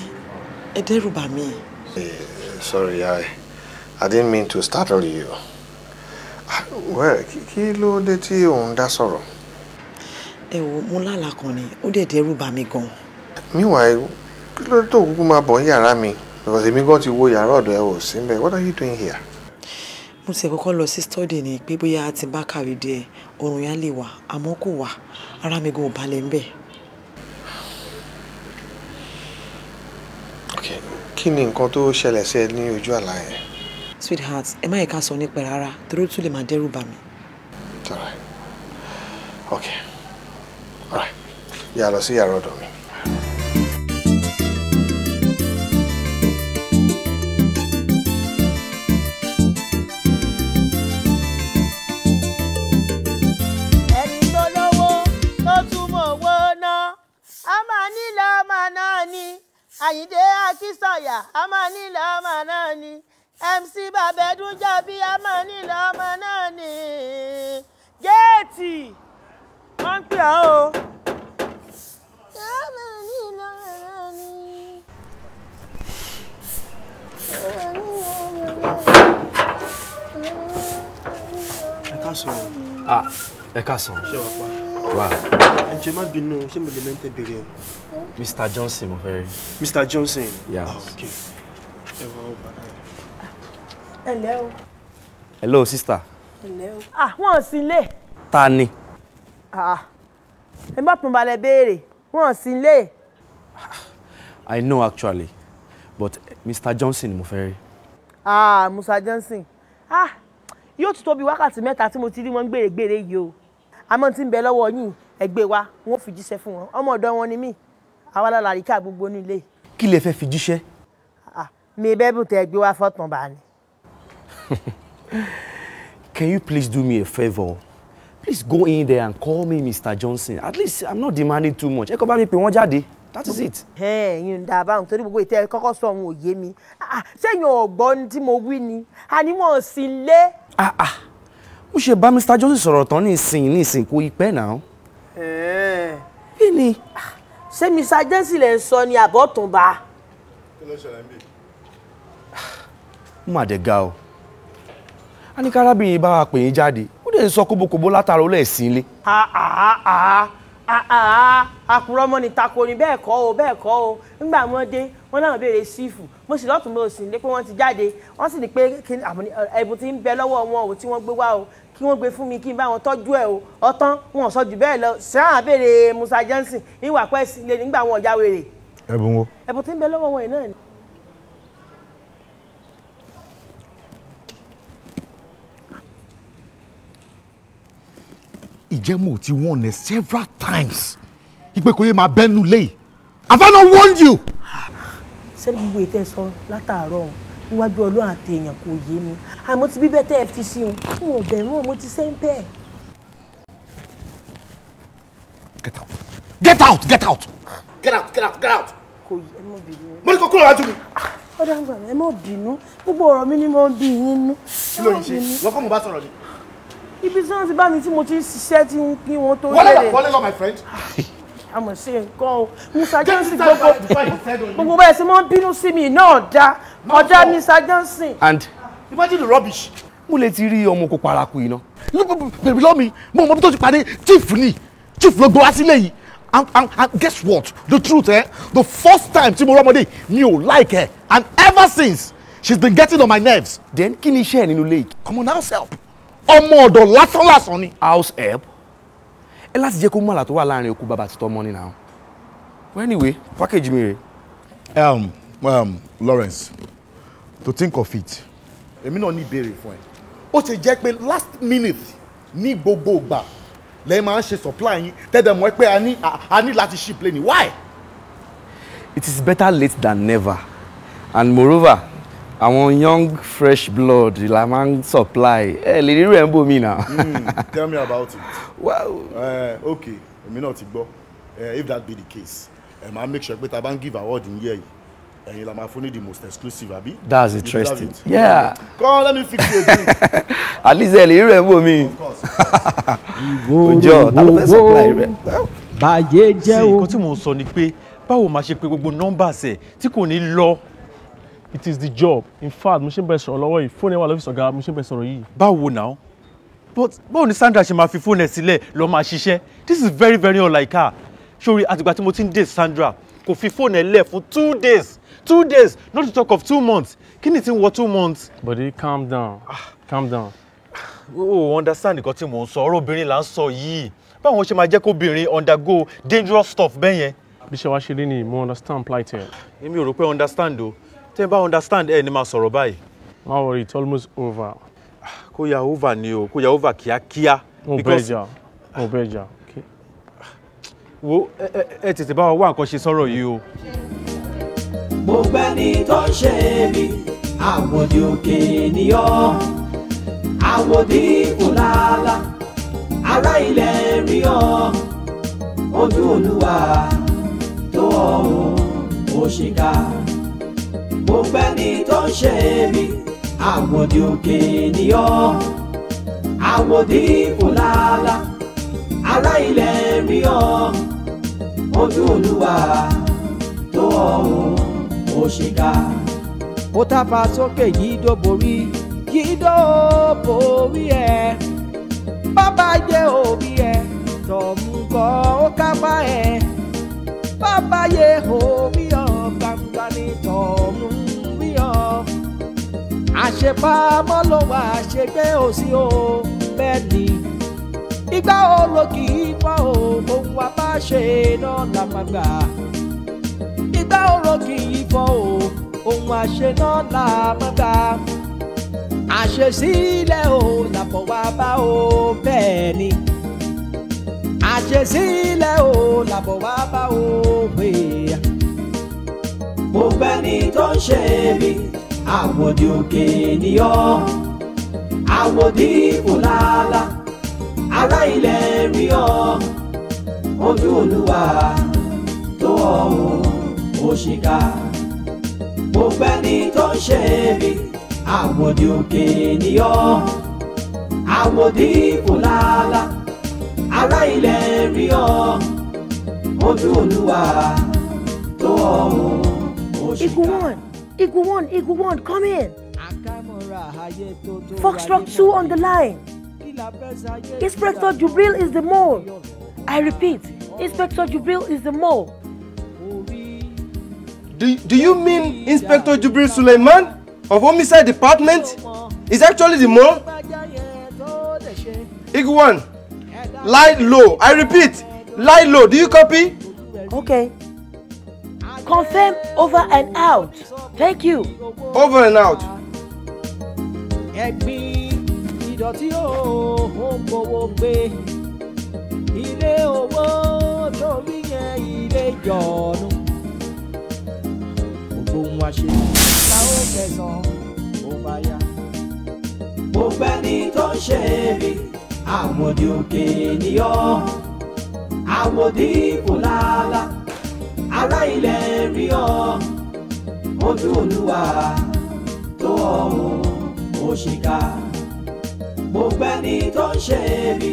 [SPEAKER 2] ẹ dẹ́rù bà mí. Eh,
[SPEAKER 5] sorry I, I didn't mean to startle you. Ah, well kí ló dé tí òun dá sọ̀rọ̀.
[SPEAKER 2] ẹ wo mo lálàá kan ni ó dẹ̀ dẹ́rù bà gan.
[SPEAKER 5] meanwhile kí ló dé tó kúkú máa bọ̀ ní yàrá mi because èmi gan ti wo yàrá ọ̀dọ̀ ẹ wò sí mbẹ̀ what are you doing here.
[SPEAKER 2] mo ti kọ́kọ́ lọ sí study ni pé bóyá a ti bá kàwé díẹ̀ oorun yẹn lè
[SPEAKER 7] wà àmọ́ kò wà ara mi gan ò balẹ̀ ń bẹ̀.
[SPEAKER 5] kí ni nǹkan tó ṣẹlẹ̀ sí ẹ ní ojú àlá yẹn.
[SPEAKER 2] sweetheart ẹ má yẹ ká sọ nípa rárá torí ó tún lè máa dẹ́rù bà mí.
[SPEAKER 5] all right okay all right yà lọ sí yàrá ọ̀dọ̀ mi.
[SPEAKER 2] àyíndé akísọ̀yà a máa nílò ọmọ náà ni mc babẹ́dún jọ̀bí a máa nílò ọmọ náà ni géètì wọ́n ń pè ọ́ o.
[SPEAKER 1] ẹ ká sọ ah, ẹ ká
[SPEAKER 6] sọ
[SPEAKER 8] wá.
[SPEAKER 5] ẹ jẹ́ má bínú ṣé mo lè
[SPEAKER 8] Mr. Johnson mo fẹ́
[SPEAKER 5] Mr. Johnson. yeah oh, ok
[SPEAKER 2] ẹ hello sister. ẹ̀lẹ́ ah wọ́n sì lé. ta ah I'm má pọn balẹ̀ béèrè wọ́n sì ah,
[SPEAKER 6] I know actually but Mr. Johnson mo fẹ́
[SPEAKER 2] ah Mr. Johnson ah yóò ti tó bí wákàtí mẹ́ta tí mo ti rí wọn gbèrègbèrè yìí You àmọ́ tí ń bẹ lọ́wọ́ yín ẹgbẹ́ wa wọn fi jíṣẹ́ fún wọn ọmọ ọ̀dọ́ wọn ni mí àwa la làríkà gbogbo nílé.
[SPEAKER 8] kí lẹ fẹ́ fi jíṣẹ́.
[SPEAKER 2] Ah, mi bẹ́bù tẹ ẹgbẹ́ wa fọ́tàn bá ni.
[SPEAKER 8] Can you please do me a favour? Please go in
[SPEAKER 6] there and call me Mr. Johnson. At least I'm not demanding too much. ẹ kọ́ bá mi pè wọ́n jáde
[SPEAKER 2] that is it. ẹ̀yin ń da abáhùn torí gbogbo ìtẹ́ kọ́kọ́ sọ òun ò yé mi ah, ah, ṣẹ́yìn ọ̀gbọ́n tí mo wí ni àní wọ́n sì lé
[SPEAKER 8] ó ṣe bá Mr. Johnson sọ̀rọ̀ tán ní ìsìn ní ìsìn kò ipẹ́ náà.
[SPEAKER 2] kí ni. ṣé Mr. Johnson lè sọ ni àbọ̀túnba. kí ló
[SPEAKER 8] ṣẹlẹ̀ ó mà dé ga o a ní kárábìnrin bá wa pè yín jáde ó dẹ̀ sọ kóbókóbó látara ó lẹ̀ sí ilé
[SPEAKER 2] àkùrọ̀mọ́ ah, ah, ni tako ni bẹ́ẹ̀ kọ́ o bẹ́ẹ̀ kọ́ o nígbà wọn dé wọn náà béèrè sífù mo sì lọ́tún mo sì ní pé wọ́n ti jáde wọ́n sì ní pé ẹ̀bùn ti ń bẹ lọ́wọ́ wọn o tí wọ́n gbé wá o kí wọ́n gbé fún mi kí n bá wọn tọ́jú ẹ̀ o ọ̀tán wọn ò sọ jù bẹ́ẹ̀ lọ sẹ́hàn béèrè Musa Johnson ní ìwà pẹ́ẹ́sì lé nígbà wọn ọ̀já wèrè. ẹ̀bùn wo ẹ̀bùn ti ń bẹ lọ́wọ́ wọn yìí náà ni.
[SPEAKER 8] ìjẹ́mọ̀ ti warn ẹ several times ìpè kò yẹ máa bẹ́nu lé have I not warned
[SPEAKER 2] you. sẹ́ni gbogbo ètò ẹ̀sọ́ látàárọ̀ níwájú ọlọ́run àti èèyàn kò yé mi àmọ́ ti bíbẹ́ tẹ́ ẹ fi sí o n ò bẹ̀rù mo ti ṣe ń bẹ́ẹ̀. get out get out get out get out get out get out. kò yẹ ẹ mọ̀ bínú. mo ní kó kúrò lájú mi. ọ̀dà ń gbà ẹ mọ̀ bínú gbogbo ọ̀rọ̀ mi ni mo ń bí yín nú. kí ló ń ṣe lọ́kọ́ mo bá sọ̀rọ̀ ni ibi tí wọ́n ti bá mi tí mo ti ṣiṣẹ́ tí ń kí wọn tó lélẹ̀. my friend. àmọ̀ ṣe nǹkan o Mr Johnson gbogbo gbogbo bẹ́ẹ̀ sí máa ń bínú sí mi náà dá ọjà Mr Johnson. and
[SPEAKER 8] imagine the rubbish. mo lè ti rí ọmọ kò paraku yìí ná bèbí lọ́mi mo mọ bí tó ti pàdé chief ni chief ló gbọ́ wá sílẹ̀ yìí and and and guess what the truth eh the first time tí mo rọ́mọdé mi ò like her and ever since she's been getting on my nerves then kí ni iṣẹ́ ẹ̀ nínú lake come on now help ọmọ ọ̀dọ̀ lásán lásán ni. house help ẹ láti jẹ́ kó mọ̀lá tó wà láàrin òkú bàbá àtitọ́ mọ́ nínú àwọn. anyway package mi rè. Um, um, Lawrence to think of it èmi náà ní ìbéèrè fún ẹ ó ṣe jẹ́ pé last minute ní gbogbo ìgbà lẹ́yìn máa ń ṣe supply yín tẹ́tẹ̀ mọ́ pé a ní láti ship lẹ́ni why. it is better late than never and moreover àwọn young fresh blood la máa ń supply ẹ lè rírò ẹ ń bò mí hmm, tell me about it. wow. Uh, eh, ok èmi náà ti gbọ́ eh, if that be the case ẹ máa make sure pé ta bá ń give award ní yẹ yìí ẹ̀yin la máa fún ní the most exclusive àbí. that's interesting yeah. come let me fix you a drink. at least ẹ lè rírò ẹ ń bò mí.
[SPEAKER 6] ta ló fẹ́ supply rẹ. bàyè jẹ́ o. sí nǹkan tí mò ń sọ ni pé báwo máa ṣe pé gbogbo nọ́mbà ṣe tí kò ní lọ it is the job in fact mo ṣe ń bẹ sọ̀rọ̀ lọ́wọ́ yìí fóònù ẹ̀ wà lọ́fíìsì ọ̀gá mo ṣe ń bẹ sọ̀rọ̀ yìí. báwo náà but báwo ni Sandra ṣe máa fi fóònù ẹ̀ sílẹ̀ lọ́ọ́ máa ṣiṣẹ́ this is very very unlike her sori àtìgbà tí mo ti ń date Sandra kò fi fóònù ẹ̀ lẹ̀ fún two days two days not to talk of two months kí ni ti ń wọ two months. body calm down calm down. Ah, o oh, understand nǹkan tí mò ń sọ ọ̀rọ̀ obìnrin là ń sọ yìí báwọn ṣe máa jẹ́ kóbìnrin undergo dangerous stuff bẹ́ẹ̀ yẹn. bí ṣe wá ṣe lé ni mo understand plight ẹ. èmi ò rò pé understand o. Oh tẹ́ bá understand ẹ ní máa sọ̀rọ̀ báyìí. má worry it's almost over. Ah, kó ya over ni o kó ya over kíákíá. mo bẹ jà mo bẹ jà. wo ẹ ẹ tètè bá wa wá nǹkan ṣe sọ̀rọ̀ yìí o.
[SPEAKER 1] mo gbẹ́ ni tó ń ṣe mí àwòdì òkè nìyọ́ àwòdì kùlàlà ará ilẹ̀ rí ọ ojú olúwa tó ọ ò ṣìkà mo gbẹ́ni tó ń ṣe mí àwòdì òkè nìyọ́ àwòdì kòlálà ará ilẹ̀ rí ọ ojú olúwa tó ọ̀hún ó ṣe ká. ó tàpá sókè yìí dó borí yìí dó borí ẹ bàbá jẹ́ òbí ẹ tọ̀mù kọ́ ó kápá ẹ bàbá yẹ òbí ọ tọ̀hún wí ọ́ àṣepamọ́ ló wà àṣegbé òsì o bẹ́ẹ̀ ni igbá o ló kì í fọ́ o ohun wa bá ṣe náà la igbá o ló kì í fọ́ o ohun àṣe náà la máa gbà àṣesílẹ̀ o làbọ̀ wá bá o bẹ́ẹ̀ ni àṣesílẹ̀ o làbọ̀ wá bá o bẹ́ẹ̀ mo gbẹ́ni tó ń ṣe bí àwòdì òkè ni ọ́ àwòdì fúlàlà ará ilẹ̀ rí ọ́ ojú olúwa tó ọ̀ òṣìkà mo gbẹ́ni tó ń ṣe bí àwòdì òkè ni àwòdì fúlàlà ará ilẹ̀ rí ọ́ ojú olúwa tó ọ̀ òṣìkà.
[SPEAKER 2] Iguan, Iguan, Iguan, come in.
[SPEAKER 1] Foxtrot 2
[SPEAKER 2] on the line.
[SPEAKER 1] Inspector Jubril is the
[SPEAKER 2] mole. I repeat, Inspector Jubril is the mole. Do, do you mean Inspector Jubril Suleiman of Homicide Department
[SPEAKER 6] is actually the mole? Iguan, lie
[SPEAKER 8] low. I repeat, lie low. Do you copy?
[SPEAKER 2] Okay. Confirm over and out. Thank you. Over and out.
[SPEAKER 1] Ẹ̀gbin ìdọ̀tí òhò tó ń ṣe bí àwòdì òkè nìyọ́ àwòdì kò lálá. Ara ilẹ̀ rí ọ ojú olúwa tó ọ òṣìkà gbogbo ẹni tó ń ṣe bí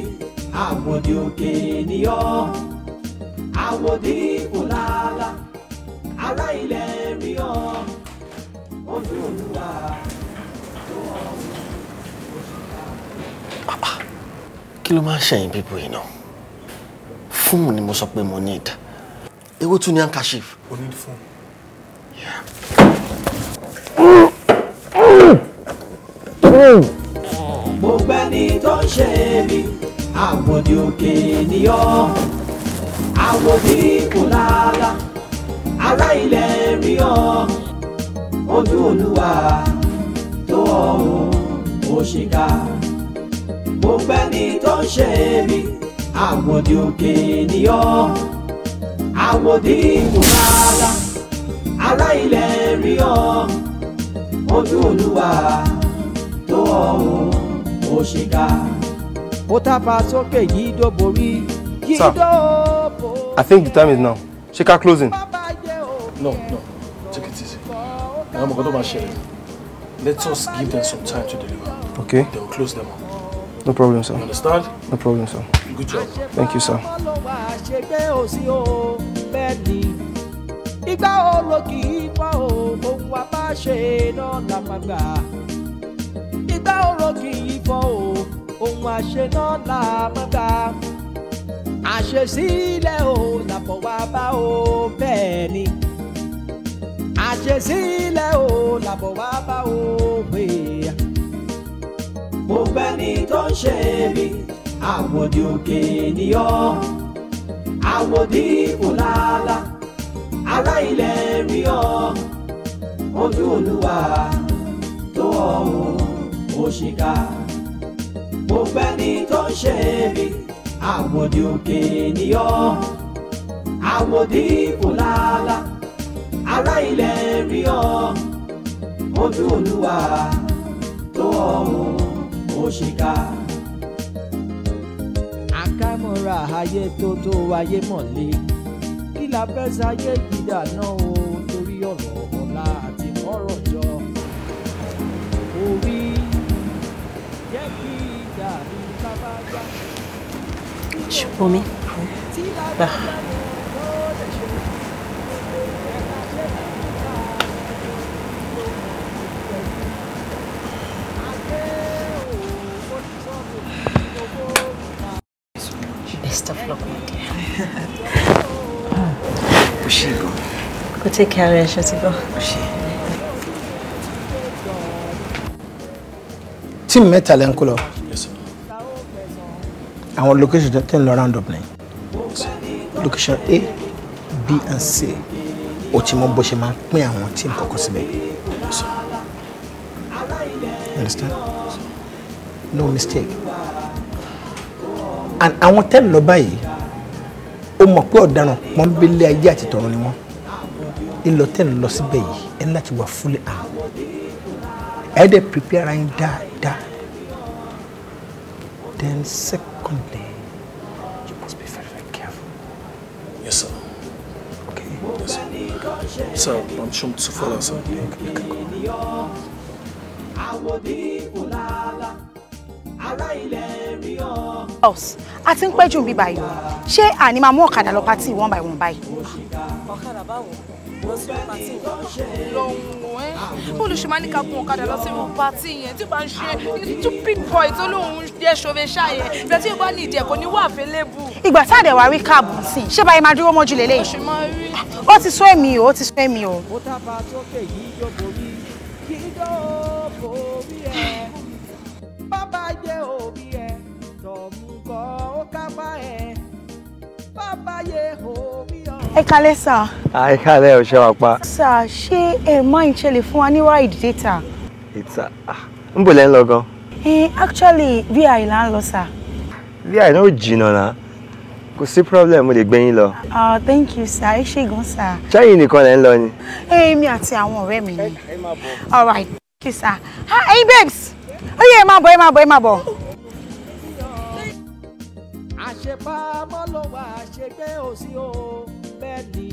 [SPEAKER 1] àwòdì òkè ni ọ àwòdì òlàlà ará ilẹ̀ rí ọ ojú olúwa tó ọ
[SPEAKER 7] òṣìkà. kí ló máa ń ṣẹ̀yìn bíbu iná fóònù ni mo sọ pé mo ní ìdá. Èwo tún ni handkerchief. O need phone. Yeah. Mo gbẹ́ ni tó
[SPEAKER 4] ń di mí, àwòdì òkè nìyọ́. Àwòdì kò lára, ará
[SPEAKER 1] ilẹ̀ rí ọ. Ojú Olúwa tó ọ̀ ò ṣìkà. Mo gbẹ́ ni tó ń ṣe mí, àwòdì òkè nìyọ́ àwòdìbò rárá ará ilẹ̀ rí ọ ojú olúwa tó ọ ò ṣe ká. ó tábà sókè yìí dóborí yìí dóbo.
[SPEAKER 6] I think the time is now. Ṣé ká closing. No, no. Take it easy. Now I'm going to share Let us give them some time to deliver. Okay. They will close them up. No problem, sir. understand? No problem, sir. Good job.
[SPEAKER 1] Thank you, sir. Ìgbà wo ló kì í o, ohun wa ṣe náà la máa gbà. Ìgbà wo ló o, ohun àṣe náà la máa gbà. o, làbọ̀ wá bá o bẹ́ẹ̀ ni. Àṣesílẹ̀ o, làbọ̀ wá bá o bẹ́ẹ̀ ni mo bẹ́ni tó ń ṣe mí àwòdì òkè ni ọ́ àwòdì òlàlà ará ilẹ̀ rí ọ́ ojú olúwa tó ọ̀ ò ṣìkà mo bẹ́ni tó ń ṣe mí àwòdì òkè ni àwòdì òlàlà ará ilẹ̀ rí ọ́ ojú olúwa tó ọ̀ ò òṣìkà. àkàmọ́ra ayé tó tó ayé mọ̀lẹ́ kí la fẹ́ sáyé gbìdà náà o torí ọ̀rọ̀ ọ̀la àti mọ́rọ̀ jọ. orí jẹ́ kí ìdá mi bábá gbà.
[SPEAKER 2] ṣùgbọ́n mi gbà. Yeah. Astaghfirullah. Ó ṣé go. Go take care of yourself, go. Ó Team Metal, lẹ ń Yes sir. want location tó tẹ̀ ń lọ round up ni. Location A, B and C. Ó ti mọ bó ṣe máa pín àwọn team kọ̀ọ̀kan síbẹ̀. Yes sir. understand? No mistake and àwọn tẹ́lẹ̀ lọ báyìí ó mọ̀ pé ọ̀daràn pọ́nbélé ayé àti tọ̀run ni wọ́n ńlọ tẹ́lẹ̀ lọ síbẹ̀ yìí ẹ̀ láti wà fúlẹ̀ à ẹ̀ dẹ̀ prepare ara yín dáadáa then secondly you
[SPEAKER 1] must be very careful. yes sir. okay. yes sir. sir i'm sure to follow sir. Okay, okay, ará ilẹ̀ rí ọ.
[SPEAKER 2] house a ti ń pẹ́ jù bí báyìí o ṣé àní máa mú ọ̀kadà lọ pátì one by one báyìí.
[SPEAKER 1] ọ̀kadà báwo lọ sí pátì lọ́hùn-ún ẹ́
[SPEAKER 2] olùṣèmá ní ká gun ọ̀kadà lọ sí pátì yẹn tí bá ń ṣe stupid boy tó lóun jẹ́ ṣòwe ṣáyẹ ìgbà tí ìbá ní ìdí ẹ̀kọ́ ni wà fẹ́lẹ́bù. ìgbà tá a dẹ̀ wá rí káàbù sí ṣé báyìí máa dúró mọ́jú lélẹ̀ yìí.
[SPEAKER 1] ó ti sọ èmi o ó ti sọ èmi o bá jẹ́ òbí ẹ tọ̀hún kọ́
[SPEAKER 2] ó kápá ẹ bàbá yẹ òbí ọ. ẹ kalẹ́ sà.
[SPEAKER 7] ẹ kalẹ́ ọ̀ṣẹ́ wa pa.
[SPEAKER 2] sà ṣé ẹ má ń fún wa ní ride data.
[SPEAKER 7] ìta ń bò lẹ́ ń
[SPEAKER 2] lọ gan. actually vi là ń lọ sà. vi náà ò jìnnà náà
[SPEAKER 7] kò sí problem mo lè gbé yín lọ.
[SPEAKER 2] ah thank you sir ẹ ṣé gan sir.
[SPEAKER 7] ṣẹ́yìn nìkan lẹ́ ń lọ ni.
[SPEAKER 2] èmi àti àwọn ọ̀rẹ́ mi ni. all right thank you sir. hi babes ó yẹ ẹ máa bọ̀ ẹ máa bọ̀ ẹ máa bọ̀.
[SPEAKER 1] àṣepamọ́ ló wà àṣegbé òsì o bẹ́ẹ̀ ni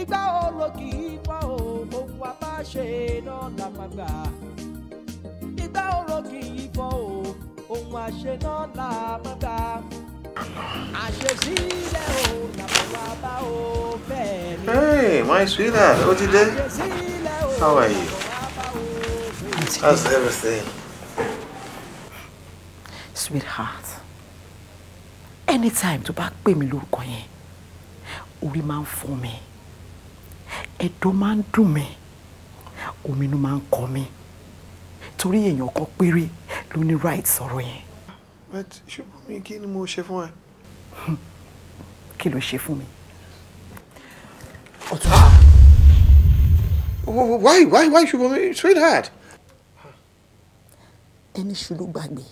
[SPEAKER 1] ìgbà wo ló kì í fọ́ o òun wa bá ṣe náà làmàgbà ìgbà wo ló kì í fọ́ o òun àṣe náà làmàgbà
[SPEAKER 5] àṣesílẹ̀ o làbọ̀wá o bẹ́ẹ̀ hey my sweetheart What you dé how are you. That's everything
[SPEAKER 2] sweetheart anytime tó bá pè mí lórúkọ yẹn orí máa ń fún mi ẹ̀dọ̀ máa ń dùn mí ominú máa ń kọ mí torí èèyàn kan péré ló ní right sọ̀rọ̀ yẹn. but ṣùgbọ́n mi kí ni mo ṣe fún ẹ. Hmm.
[SPEAKER 5] kí ló ṣe fún mi.
[SPEAKER 2] ọ̀tún. why why why ṣùgbọ́n mi sweetheart. ẹni ṣùgbọ́n gbàgbé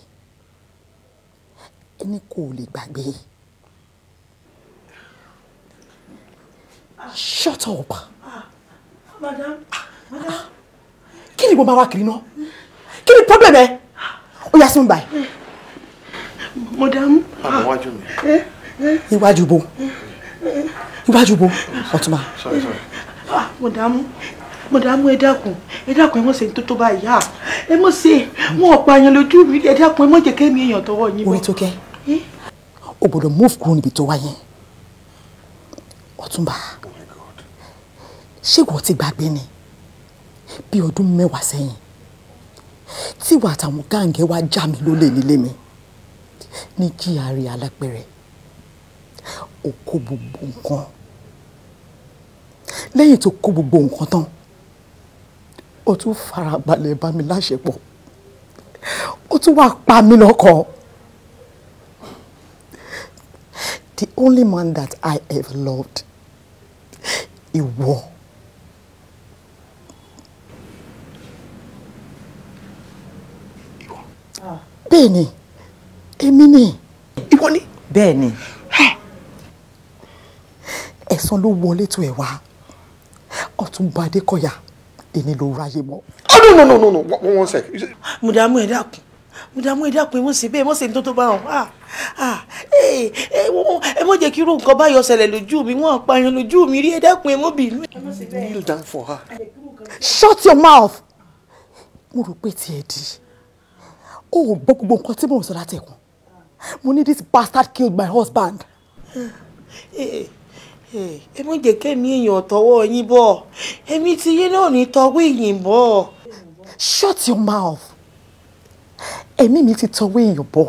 [SPEAKER 2] ẹni kò lè gbàgbé. shut up. madam madam. kí ni mo máa wá kiri náà kí ni problem ẹ ó yá sí mi báyìí. madam. àmọ́ iwájú mi. Eh, eh. iwájú bo iwájú bo ọ̀túnba. sorry sorry. Ah, madam mọ̀dàmú ẹ dákun ẹ dákun ẹ mọ̀ ṣe tó tó bá ìyá ẹ mọ̀ ṣe wọn ọ̀pọ̀ àyàn lójú mi ẹ dákun ẹ mọ̀ jẹ́ kẹ́mi èèyàn tọwọ́ yín bọ̀. orí tó kẹ́ o gbọ́dọ̀ move kúrò níbi tó wá ọ̀túnba ṣé wọ́n ti gbàgbé ni bí ọdún mẹ́wàá sẹ́yìn tí wà táwọn gáǹgẹ́ wá já mi lólè nílé mi ní jíàrí e alápẹ̀rẹ̀ ó gbogbo nǹkan lẹ́yìn tó kó gbogbo nǹkan tán ó tún farabalẹ̀ bá mi láṣepọ̀ ó tún wá pa mí lọ́kọ̀ọ́. The only man that I have loved,
[SPEAKER 4] ìwọ. Ìwọ. Ah.
[SPEAKER 2] Bẹ́ẹ̀ni, èmi ni. Ìwọ ni. Bẹ́ẹ̀ni. Ẹ̀san ló wọlé tó ẹ̀ wá. Ọ̀túnba Adékọ̀yà èmi ló ráyè mọ́. oh no no no no no one one sec. mùdàmú ẹ̀ dákun mùdàmú ẹ̀ dákun ìwọ̀n sí bẹ́ẹ̀ wọ́n sì ń tó bá wọn ah, ah, eh, eh, ẹ mọ̀ jẹ́ kí irú nǹkan báyọ̀ ṣẹlẹ̀ lójú mi wọ́n àpààyàn lójú mi rí ẹ dákun ẹ bínú. kneel down for her. shut your mouth. mo rò pé tiẹ̀ di o ò gbọ́ gbogbo nǹkan tí mò ń sọ látẹ̀kùn mo ní this bastard killed my husband. Hey. Eh, ẹ mọ̀ jẹ́ kẹ́mi èèyàn tọwọ́ yín bọ̀ èmi ti yín náà ní tọwọ́ èèyàn bọ̀. shut your mouth ẹ̀mí mi ti tọwọ́ èèyàn bọ̀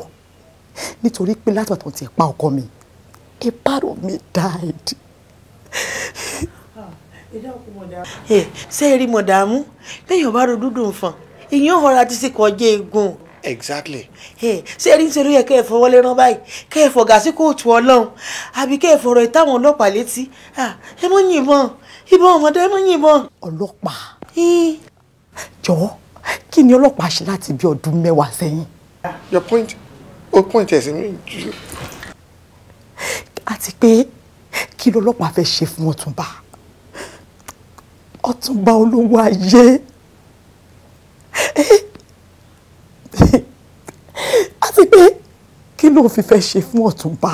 [SPEAKER 2] nítorí pé látọ̀tọ̀ ti pa ọkọ mi a part of me died. ṣé ẹ rí mọ̀dàmú bẹ́ẹ̀ yóò bá ro dúdú nǹfọ̀n ìyẹn ò rọra ti sì kọjá eegun exactly. ṣé ẹni ṣe ló yẹ kẹ́ ẹ fọwọ́ lẹ́rán báyìí kẹ́ ẹ fọ̀gà sí kóòtù ọlọ́run àbí kẹ́ ẹ fọ̀rọ̀ ìtàwọn ọlọ́pàá létí ẹ mọ̀ yìnbọn ìbọn ọmọdé ẹ mọ̀ yìnbọn. ọlọ́pàá jọ̀ọ́ kí ni ọlọ́pàá ṣe láti bí ọdún mẹ́wàá sẹ́yìn.
[SPEAKER 5] your point o point ẹ̀ sí mi jù.
[SPEAKER 2] àti pé kí lọ́lọ́pàá fẹ́ ṣe fún ọ̀túnba ọ̀túnba olówó ayé. Eh? àti pé kí ló fi fẹ́ ṣe fún ọ̀túnba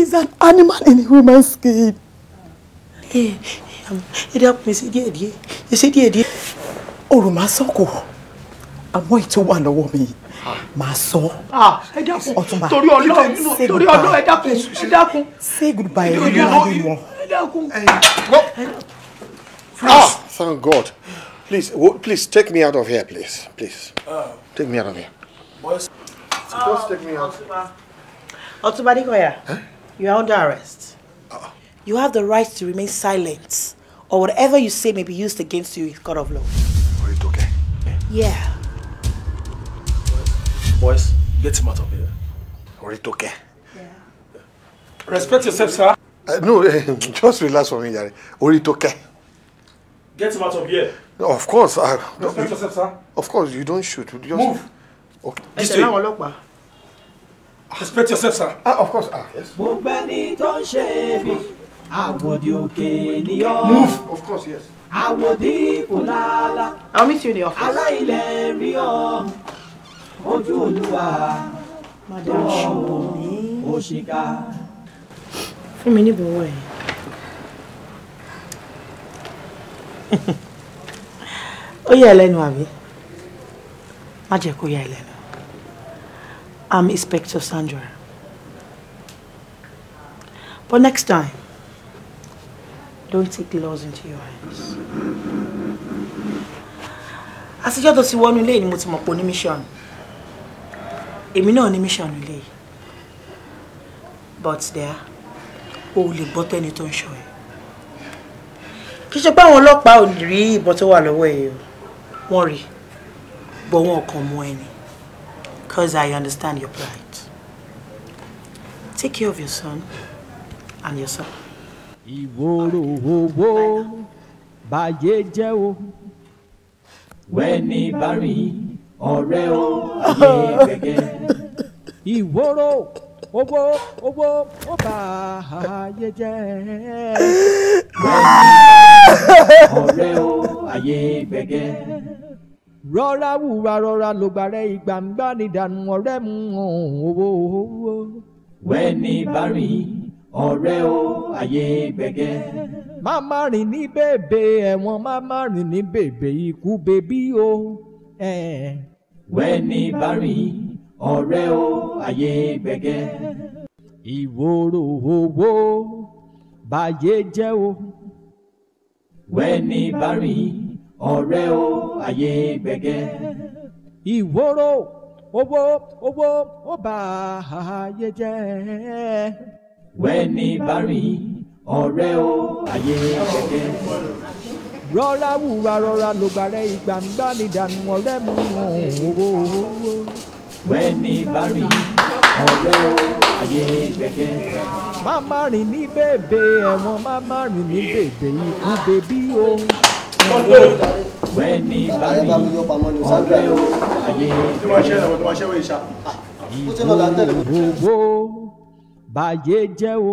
[SPEAKER 2] is an animal in human skin. ẹ dákun ẹsẹ díẹ̀ díẹ̀ ẹsẹ díẹ̀ díẹ̀. òrò máa sọkò
[SPEAKER 7] àmọ́ ètò wà lọ́wọ́ mi máa sọ
[SPEAKER 2] ọ̀túnba torí Ọlọ́run torí Ọlọ́run ẹ dákun ẹ dákun. say goodbye ẹ ní ìlú ayé wọn. ẹ dákun.
[SPEAKER 5] Ah, thank God. Please, please take me out of here, please. Please. Uh, take me out of here. Boys. Uh, take me out.
[SPEAKER 2] Otuba Dikoya, huh? you are under arrest. Uh, you have the right to remain silent or whatever you say may be used against you in court of law. Are you okay?
[SPEAKER 1] Yeah.
[SPEAKER 5] Boys, get him out of here. Are you okay? Yeah. Respect yourself, sir. Uh, no, just relax for me, Jare. Oritoke.
[SPEAKER 6] Get him out of here.
[SPEAKER 5] No, of course. I, Respect yourself, sir. Of course, you don't shoot. You just, Move. Okay. This way. Respect yourself, sir.
[SPEAKER 1] Ah, of course. Ah, yes. Move. Of course, yes. I'll meet you in the office. Aláìlẹ̀ rí ọ, ojú olúwa, madam ṣùgbọ́n òṣìkà.
[SPEAKER 2] Fún mi níbọn wọ̀nyí. ó yà lẹ́nu àbí má jẹ́ kó yà lẹ́nu I'm Inspector Sandra but next time don't take the laws into your hands. àtijọ́ tó ti wọnú ilé ni mo ti mọ̀ pé onímíṣàn èmi náà onímíṣàn ilé yìí but there o ò lè gbọ́ tẹ́ni tó ń kì í ṣe pé àwọn ọlọ́pàá ò rí ìbọn tó wà lọ́wọ́ ẹ̀ o wọ́n rí bọ́ wọn kàn mú ẹni cause I understand your plight take care
[SPEAKER 1] of your son and yourself. ìwòrò owó bàyè jẹ́ o wẹ́ni bá rí ọ̀rẹ́ o yé gẹ́gẹ́. ìwòrò owó owó ó bàyè jẹ́. wẹ́ni bá rí ọ̀rẹ́ o ayé gbẹ̀gẹ́. rọra wùwà rọra ló gbàrẹ ìgbà ń gbà ní ìdànù ọ̀rẹ́ mu owó owó. wẹ́ni bá ọ̀rẹ́ o ayé gbẹ̀gẹ́. má má rìn ní bèbè ẹ̀wọ̀n má má rìn ní bèbè ikú bèbí o. wẹ́ni bá rí
[SPEAKER 4] ọ̀rẹ́ o ayé gbẹ̀gẹ́.
[SPEAKER 1] ìwòrò owó bàyé jẹ́ o wẹ́ni bá rìn ọ̀rẹ́ o ayé gbẹ̀gẹ́. ìwòrò owó owó ó bá ayé jẹ́. wẹ́ni bá rìn ọ̀rẹ́ o ayé gbẹ̀gẹ́. rọra wùwà rọra lògbà rẹ ìgbà ń gbá mi dànù ọ̀rẹ́ mi wọ̀n owó. bá rìn ọ̀rẹ́ o ayé gbẹ̀gẹ́. má má rìn ní bèbè ẹ̀wọ̀n má má rìn ní bèbè ikú bèbí o. wẹ́ẹ̀ni bá mi o ayé
[SPEAKER 4] gbẹ̀gẹ́. ìgbòho
[SPEAKER 1] báyé jẹ́ o.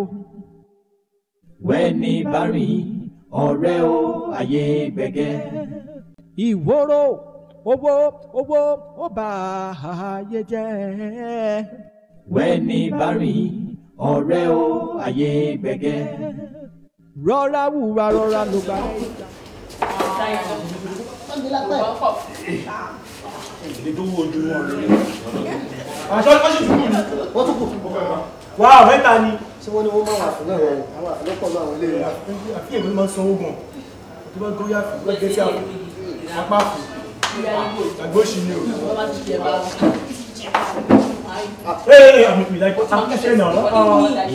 [SPEAKER 1] wẹ́ẹ̀ni bá ọ̀rẹ́ o ayé gbẹ̀gẹ́. ìwòrò owó owó ó bá ayé jẹ́ wẹ́ni bá rìn ọ̀rẹ́ o ayé gbẹ̀gẹ́. rọra wùwà rọra ló bá rẹ ìjà.
[SPEAKER 2] wà á mẹ́ta ni. ṣé wọ́n ní wọ́n máa wà fún ẹ̀rọ àwọn àfẹ́lẹ́pọ̀ náà wọlé rẹ̀. àfi èmi máa ń sanwó gan-an tó bá gbóyà fún gbẹ́gẹ́ sí àwọn apá fún àgbóṣì
[SPEAKER 8] ni
[SPEAKER 4] o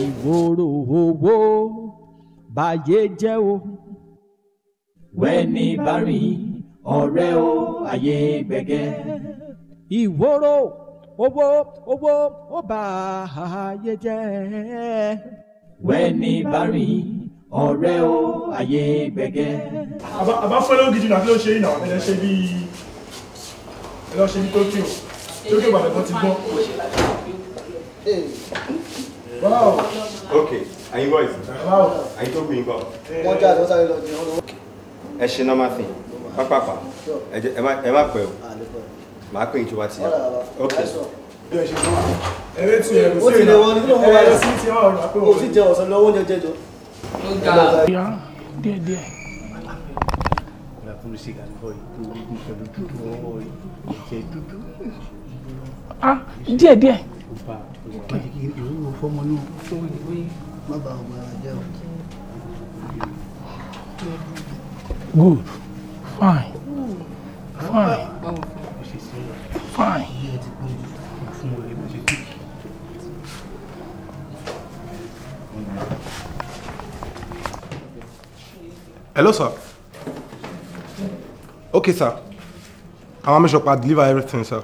[SPEAKER 1] ìgboro owó báyé jẹ́ o. wẹ́ni bá rí ọ̀rẹ́ o ayé gbẹ̀gẹ́. ìwòrò owó owó ó bá ayé jẹ́. wẹ́ni bá rí ọ̀rẹ́ o ayé gbẹ̀gẹ́.
[SPEAKER 8] àbá fọlẹ́ ògidì náà kí ló ṣe ìnáwó ẹ lọ ṣe bí ẹ torí ìbàdàn kan ti gbọ́n. wow. ok ayin boys ayin tó gbìn yín bọ̀.
[SPEAKER 7] wọ́n jáde wọ́n sáré lọ jẹun lọ́wọ́.
[SPEAKER 6] ẹ ṣe normal thing pápápá ẹ má pẹ́ o ah, màá pè é tí o bá ti yẹ ok
[SPEAKER 1] díẹ̀díẹ̀ ah díẹ̀ díẹ̀.
[SPEAKER 4] good
[SPEAKER 8] fine fine fine.
[SPEAKER 6] Hello, sir. Okay, sir. I want to make I deliver everything, sir.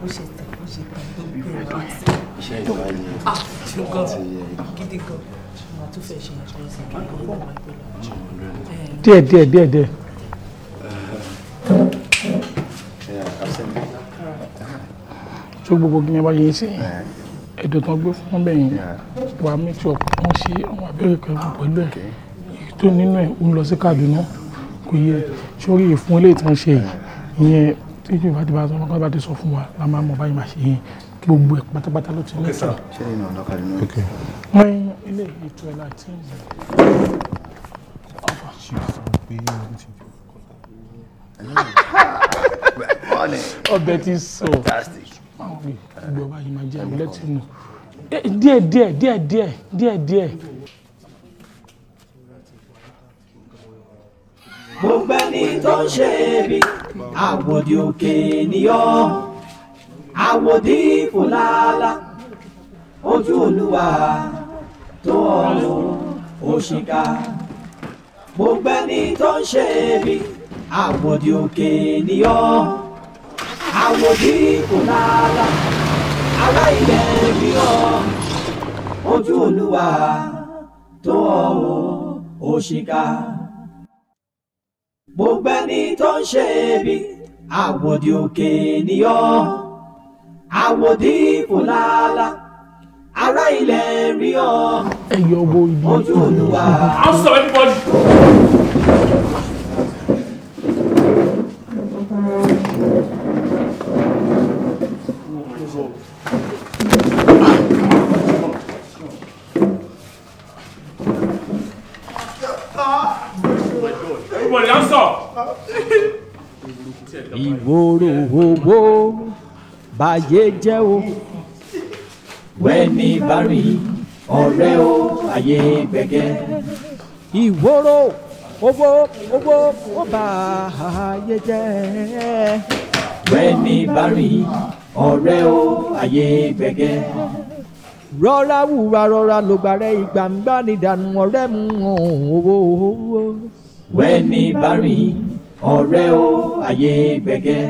[SPEAKER 6] ó ṣe tẹ̀ ó ṣe tẹ̀ ó bẹ̀rẹ̀ wá sí i. iṣẹ́ ìwádìí ẹ̀ ah, ti yẹ gidi gan ọmọ tó fẹ́ ṣe ìṣẹ́ ìṣẹ́ kí ọmọ ìwà ìgbẹ́ lọ. Eh, díẹ̀ díẹ̀ díẹ̀ díẹ̀. Eh, eh, tó gbogbo gíní wáyé sí ẹ̀dùn tán gbé fún bẹ́yìn wàá mẹ́tì ọ̀pọ̀ kan sí àwọn abẹ́rẹ́ kan pẹ̀lú ẹ̀ tó nínú ẹ̀ ń lọ sí Kaduna kò yẹ sórí ìfún ilé ìtàn ṣe yìí ìyẹn tí ìjọba bá ti bá sọ bá ti sọ fún wa la máa mọ báyìí máa ṣe yín gbogbo ẹ pátápátá ló ti lé sọ.
[SPEAKER 5] wọ́n ilé ètò ẹ̀ láti ń
[SPEAKER 6] bọ̀. ọbẹ̀ ti sọ
[SPEAKER 4] ìjọba
[SPEAKER 6] yìí máa jẹ́ àbílẹ̀ tì nù díẹ̀ díẹ̀ díẹ̀ díẹ̀ díẹ̀ díẹ̀.
[SPEAKER 1] mo gbẹ́ni tó ń ṣe é bí àwòdì òkè nìyọ àwòdì fòlàlà ojú olúwa tó ọ̀run òṣìkà gbogbo ẹni tó ń ṣe bí àwòdì òkè nìyọ àwòdì fòlàlà aláìlẹ̀ nìyọ ojú olúwa tó ọ̀run òṣìkà gbogbo ẹni tó ń ṣe ibi àwòdì òkè nìyọ́n àwòdì fòlàlà ará ilẹ̀ rí ọ ojú olúwa. I'll stop everybody. Thank you. ìwòrò owó báyé jẹ́ o. wẹ́ni bari rí ọ̀rẹ́ o ayé gbẹ̀gẹ́. ìwòrò owó owó ó báyé jẹ́. wẹ́ni bá rí ọ̀rẹ́ o ayé gbẹ̀gẹ́ rọra wùwà rọra lògbà rẹ ìgbà ń bá ní dànù ọ̀rẹ́ mu hàn wẹ́ni bá ọ̀rẹ́ o ayé gbẹ̀gẹ́.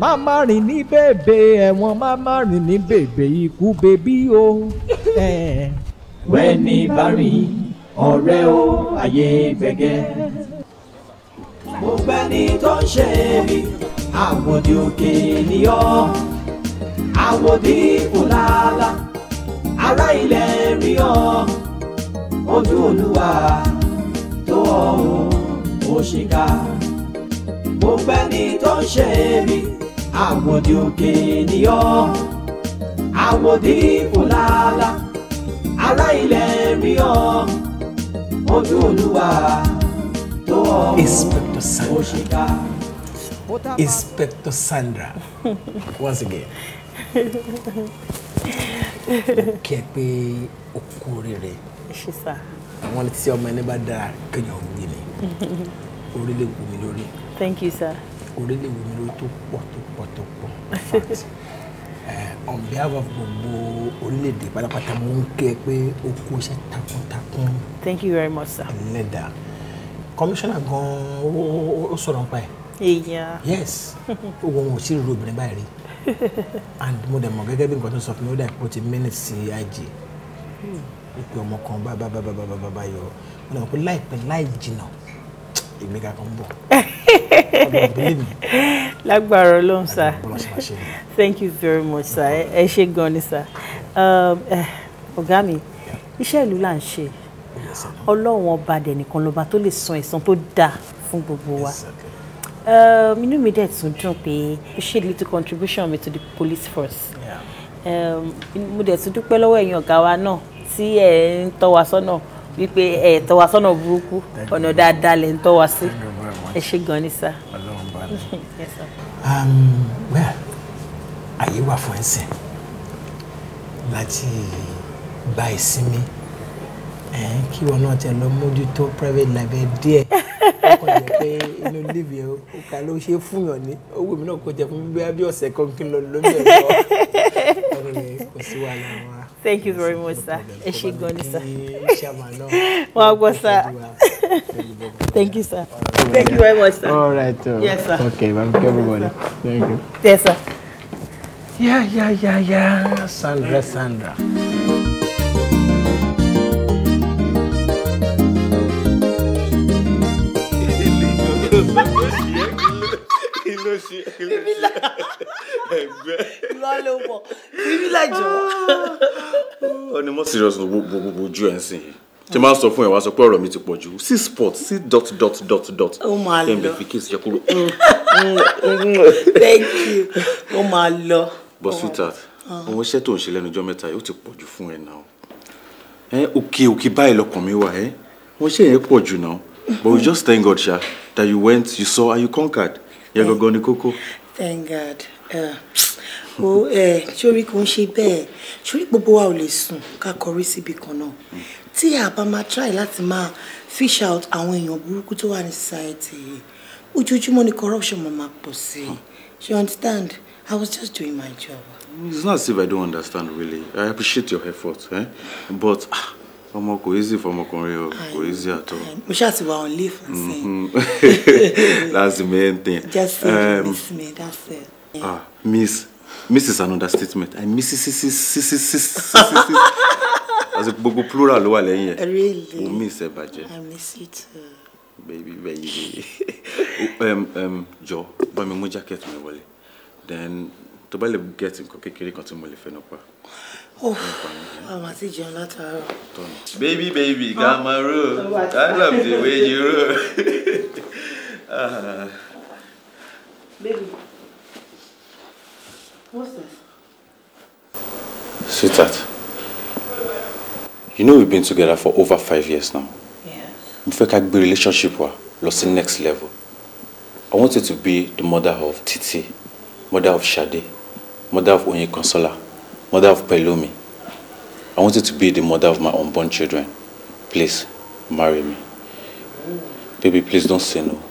[SPEAKER 1] má má rìn ní bèbè ẹ̀wọ̀n má má rìn ní bèbè ikú bèbí o. wẹ́ni bá rìn ọ̀rẹ́ o ayé gbẹ̀gẹ́. mo gbẹ́ ní tó ń ṣe mí àwòdì òkè nìyọ́ àwòdì kòlálà ará ilẹ̀ rí ọ ojú olúwa tó ọ ò ṣìkà mo gbẹ́ni tó ń ṣe mí àwòdì òkè nìyọ́ àwòdì kòlálà ará ilẹ̀ rí ọ ojú olúwa tó ọ ó ṣe Inspector Sandra
[SPEAKER 2] once again kí ẹ pé okú rere àwọn tí ọmọ ẹni bá dára kéèyàn ń gbé ni orílẹ̀ wù mí lórí. thank you sir. orílẹ̀ wù mí lórí tó pọ̀ tó pọ̀ tó pọ̀ eh, on behalf of gbogbo orílẹ̀-èdè pátápátá mo ń kẹ́ pé o kú iṣẹ́ takuntakun. thank you very much sir. ẹlẹ́dà kọmíṣánná gan-an ó sọ̀rọ̀ nípa ẹ̀. èèyàn. yes ogun wọn sí rírò obìnrin báyìí rí and mo dẹ̀ mọ̀ gẹ́gẹ́ bí nǹkan tó sọ fún mi ó dà pé o ti sí IG ìpè hmm. ọmọ kan bá bá bá bá bá bá yọ mo dẹ̀ mọ̀ pé láìpẹ́ láì jìnnà èmi gàgà ń bọ̀ lágbára Ọlọ́run sá thank you very much sir. ẹ ṣé gan ni sir. Um, eh, ọ̀gá mi iṣẹ́ ìlú là ń ṣe Ọlọ́run ọba dẹ̀ nìkan lọ́ba tó lè san ẹ̀san tó dáa fún gbogbo wa um, inú mi dẹ̀ tún dùn pé ó ṣe little contribution mi to the police force um, mo dẹ̀ tún dúpẹ́ lọ́wọ́ ẹ̀yin ọ̀gá wa náà tí ẹ̀ ń tọ́ wa sọ́nà. So wípé ẹ tọ́ wa sọ́nà burúkú ọ̀nà dáadáa lẹ ń tọ́ wa sí ẹ ṣe gan ni sá. Um, well àyè wà fún ẹsẹ̀ láti gba ìsinmi kí wọn náà tẹ lọ mójútó private life díẹ̀ ọkọ̀ jẹ́ pé inú líbi ẹ̀ ó kà ló ṣe fún yàn ní owó mi náà kò jẹ́ fún bíbí ọ̀sẹ̀ kan kí n lọ lómi ẹ̀ lọ kò sí wàhálà wọn thank you very much sir ẹ ṣé sir wọn á sir thank you sir thank you very much sir all right uh, yes sir okay ma'am everybody thank you yes sir. Yeah, yeah, yeah, yeah, Sandra, Sandra ẹgbẹ́. lọ́lọ́ pọ̀ bíbí làjọ.
[SPEAKER 6] ó ní mo serious gbogbo ojú ẹ̀ ń sìn yìí tí máa ń sọ fún ẹ wá sọ pé ọ̀rọ̀ mi ti pọ̀ jù sí sport sí dot dot dot dot kẹ́ńbẹ̀ fi kí n ṣe kúrò. Mm,
[SPEAKER 4] mm, mm, thank you
[SPEAKER 6] ó máa lọ. but sweetheart àwọn ah. iṣẹ́ tó ń ṣe lẹ́nu ọjọ́ mẹ́ta yìí ó ti pọ̀ jù fún ẹ náà ẹ òkè òkè báyìí lọkàn mi wà ẹ wọ́n ṣe yẹn pọ̀ jù náà but we just thank God sha that you went you saw and you conquered yẹ gangan ni kókó.
[SPEAKER 2] thank God o sórí kò ń ṣe bẹ́ẹ̀ sórí gbogbo wa ò lè sùn ká kọrí síbi kan náà tí a bá máa try láti máa fish out àwọn èèyàn burúkú tó wà ní society yìí ojoojúmọ́ ni corruption máa máa pọ̀ sí i you understand I was just doing my job.
[SPEAKER 6] It's not as if I don't understand really I appreciate your effort eh? but ah ọmọ kò easy fọmọkùnrin o kò easy at all.
[SPEAKER 2] mo ṣáà ti wà on leave. Mm-hmm. that's the main thing. just say um, miss me that's it.
[SPEAKER 6] Ah, miss. Miss is an understatement. I miss is is is is is is. As gbogbo plural ló wà here. Really? O miss ẹ budget. I miss it too. Baby baby. um, um, Joe, buy me mú jacket my wallet. Then to buy lè get nǹkan kékeré kan tí mo lè fẹ́ náà pa. Àwọn àti jẹun látàárọ̀. Baby baby ah. gama roll, I love the way you roll.
[SPEAKER 8] Ah. Baby.
[SPEAKER 4] What's this?
[SPEAKER 6] Sweetheart, you know we've been together for over five years now. Yes. Mo fẹ́ ká gbé relationship wa lọ sí next level. I want you to be the mother of Titi, mother of Shade, mother of Onye Consola, mother of Pelumi. I want you to be the mother of my unborn children. Please, marry me. Baby, please don't say no.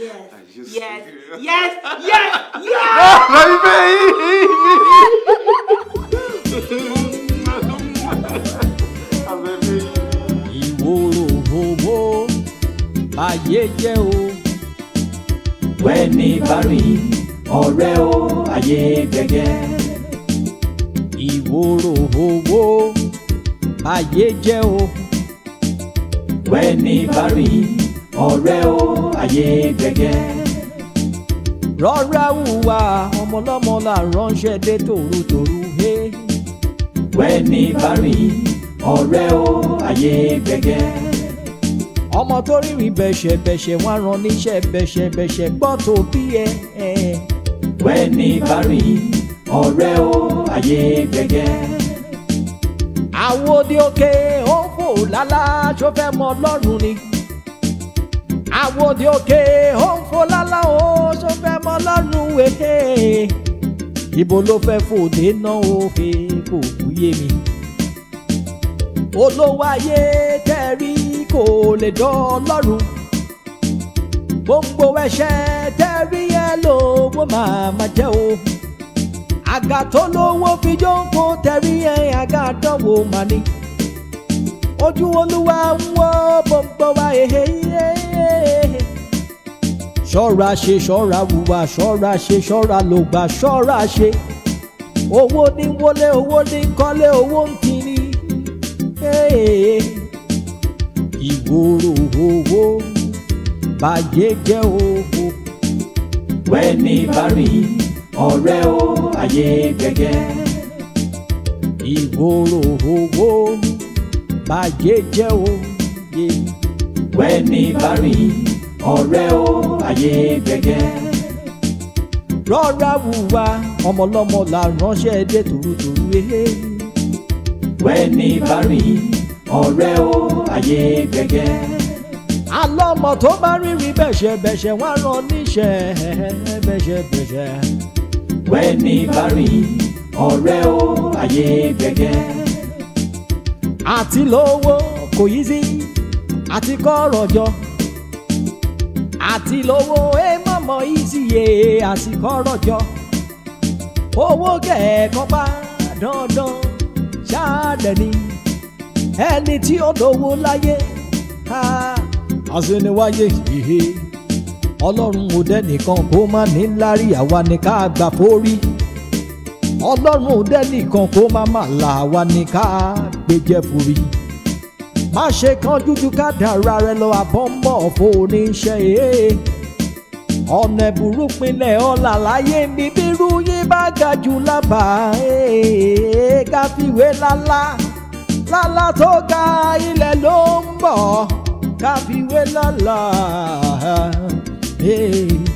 [SPEAKER 4] Yes. Yes. yes. yes. Yes. Yes. Love you, baby. Ìwòrò owó
[SPEAKER 1] ayé jẹ́ o. Wẹ́ni bá rìn ọ̀rẹ́ o ayé gbẹ̀gẹ́. Ìwòrò owó ayé o. Wẹ́ni bá ọ̀rẹ́ o ayé gbẹ̀gẹ́. rọra hùwà ọmọlọ́mọ là ń ránṣẹ́ dé tòrutòru he. wẹ́ni bá rìn ọ̀rẹ́ o ayé gbẹ̀gẹ́. ọmọ tó rí rí bẹ̀ṣẹ̀bẹ̀ṣẹ̀ wá ran níṣẹ́ bẹ̀ṣẹ̀bẹ̀ṣẹ̀ gbọ́ tó bí ẹ. wẹ́ni bá ọ̀rẹ́ o ayé gbẹ̀gẹ́. àwo ni òkè ó fò lálá tó fẹ́ mọ ọlọ́run ni àwòdì òkè òǹfò lálá o ṣó fẹ́ mọ́ lọ́rùn wèé ibo ló fẹ́ fòdè náà òfè kò kúyè mi. olówó ayé tẹ̀rí kò lè dán ọlọ́run gbogbo ẹ̀ṣẹ̀ tẹ̀rí ẹ lówó màmá jẹ́ o àga tó lówó fi jókòó tẹ̀rí ẹ àga àdánwò màní ojú olúwa ń wọ́ gbogbo wa èhè ṣọ́ra ṣe ṣọ́ra wùwà ṣọ́ra ṣe ṣọ́ra lògbà ṣọ́ra ṣe owó ní wọlé owó ní kọ́lé owó ń kiri ìwòrò owó bàjẹ́ jẹ́ owó. wẹ́ni bá rí ọ̀rẹ́ o ayé gẹ́gẹ́. ìwòrò owó bàjẹ́ jẹ́ owó. wẹ́ni bá rí ọ̀rẹ́ o ayé gẹ́gẹ́ ọ̀rẹ́ o ayé gbẹ̀gẹ́. rọra wùwà ọmọlọ́mọ la ránṣẹ́ dé tòrútòrú ehe. wẹ́ẹ̀ni bá rìn ọ̀rẹ́ o ayé gbẹ̀gẹ́. alọ́mọ tó bá rìnrìn bẹ̀ṣẹ̀bẹ̀ṣẹ̀ wá rán níṣẹ́ bẹ̀ṣẹ̀bẹ̀ṣẹ̀.
[SPEAKER 4] wẹ́ẹ̀ni bá rìn
[SPEAKER 1] ọ̀rẹ́ o ayé gbẹ̀gẹ́. àti lówó kò yí sí àti kọ́ ọ̀rọ̀ jọ àti lówó èèmọ̀mọ̀ ìsìyè àsìkò ọ̀rọ̀jọ́ owó kẹ̀kọ́ bá dandan ṣáàdẹ̀ ni ẹni tí ó lówó láyé ká àṣeniwáyé yìí ọlọ́run ò dẹ́nìkan kó má ní lárí àwa ni ká gbà forí ọlọ́run ò dẹ́nìkan kó má má là àwa ni ká gbéjẹ́ forí má ṣe kan jújú ká dára rẹ lọ àbọ̀mọ̀ fòníṣẹ́ eh. ọ̀nà ìbúrú pinlẹ̀ ọ̀la láyé mi bírú yín bá ga jù lábà eh. ká fìwé lálá lálá tó ga ilẹ̀ ló ń bọ̀ ká lálá. Hey. Eh.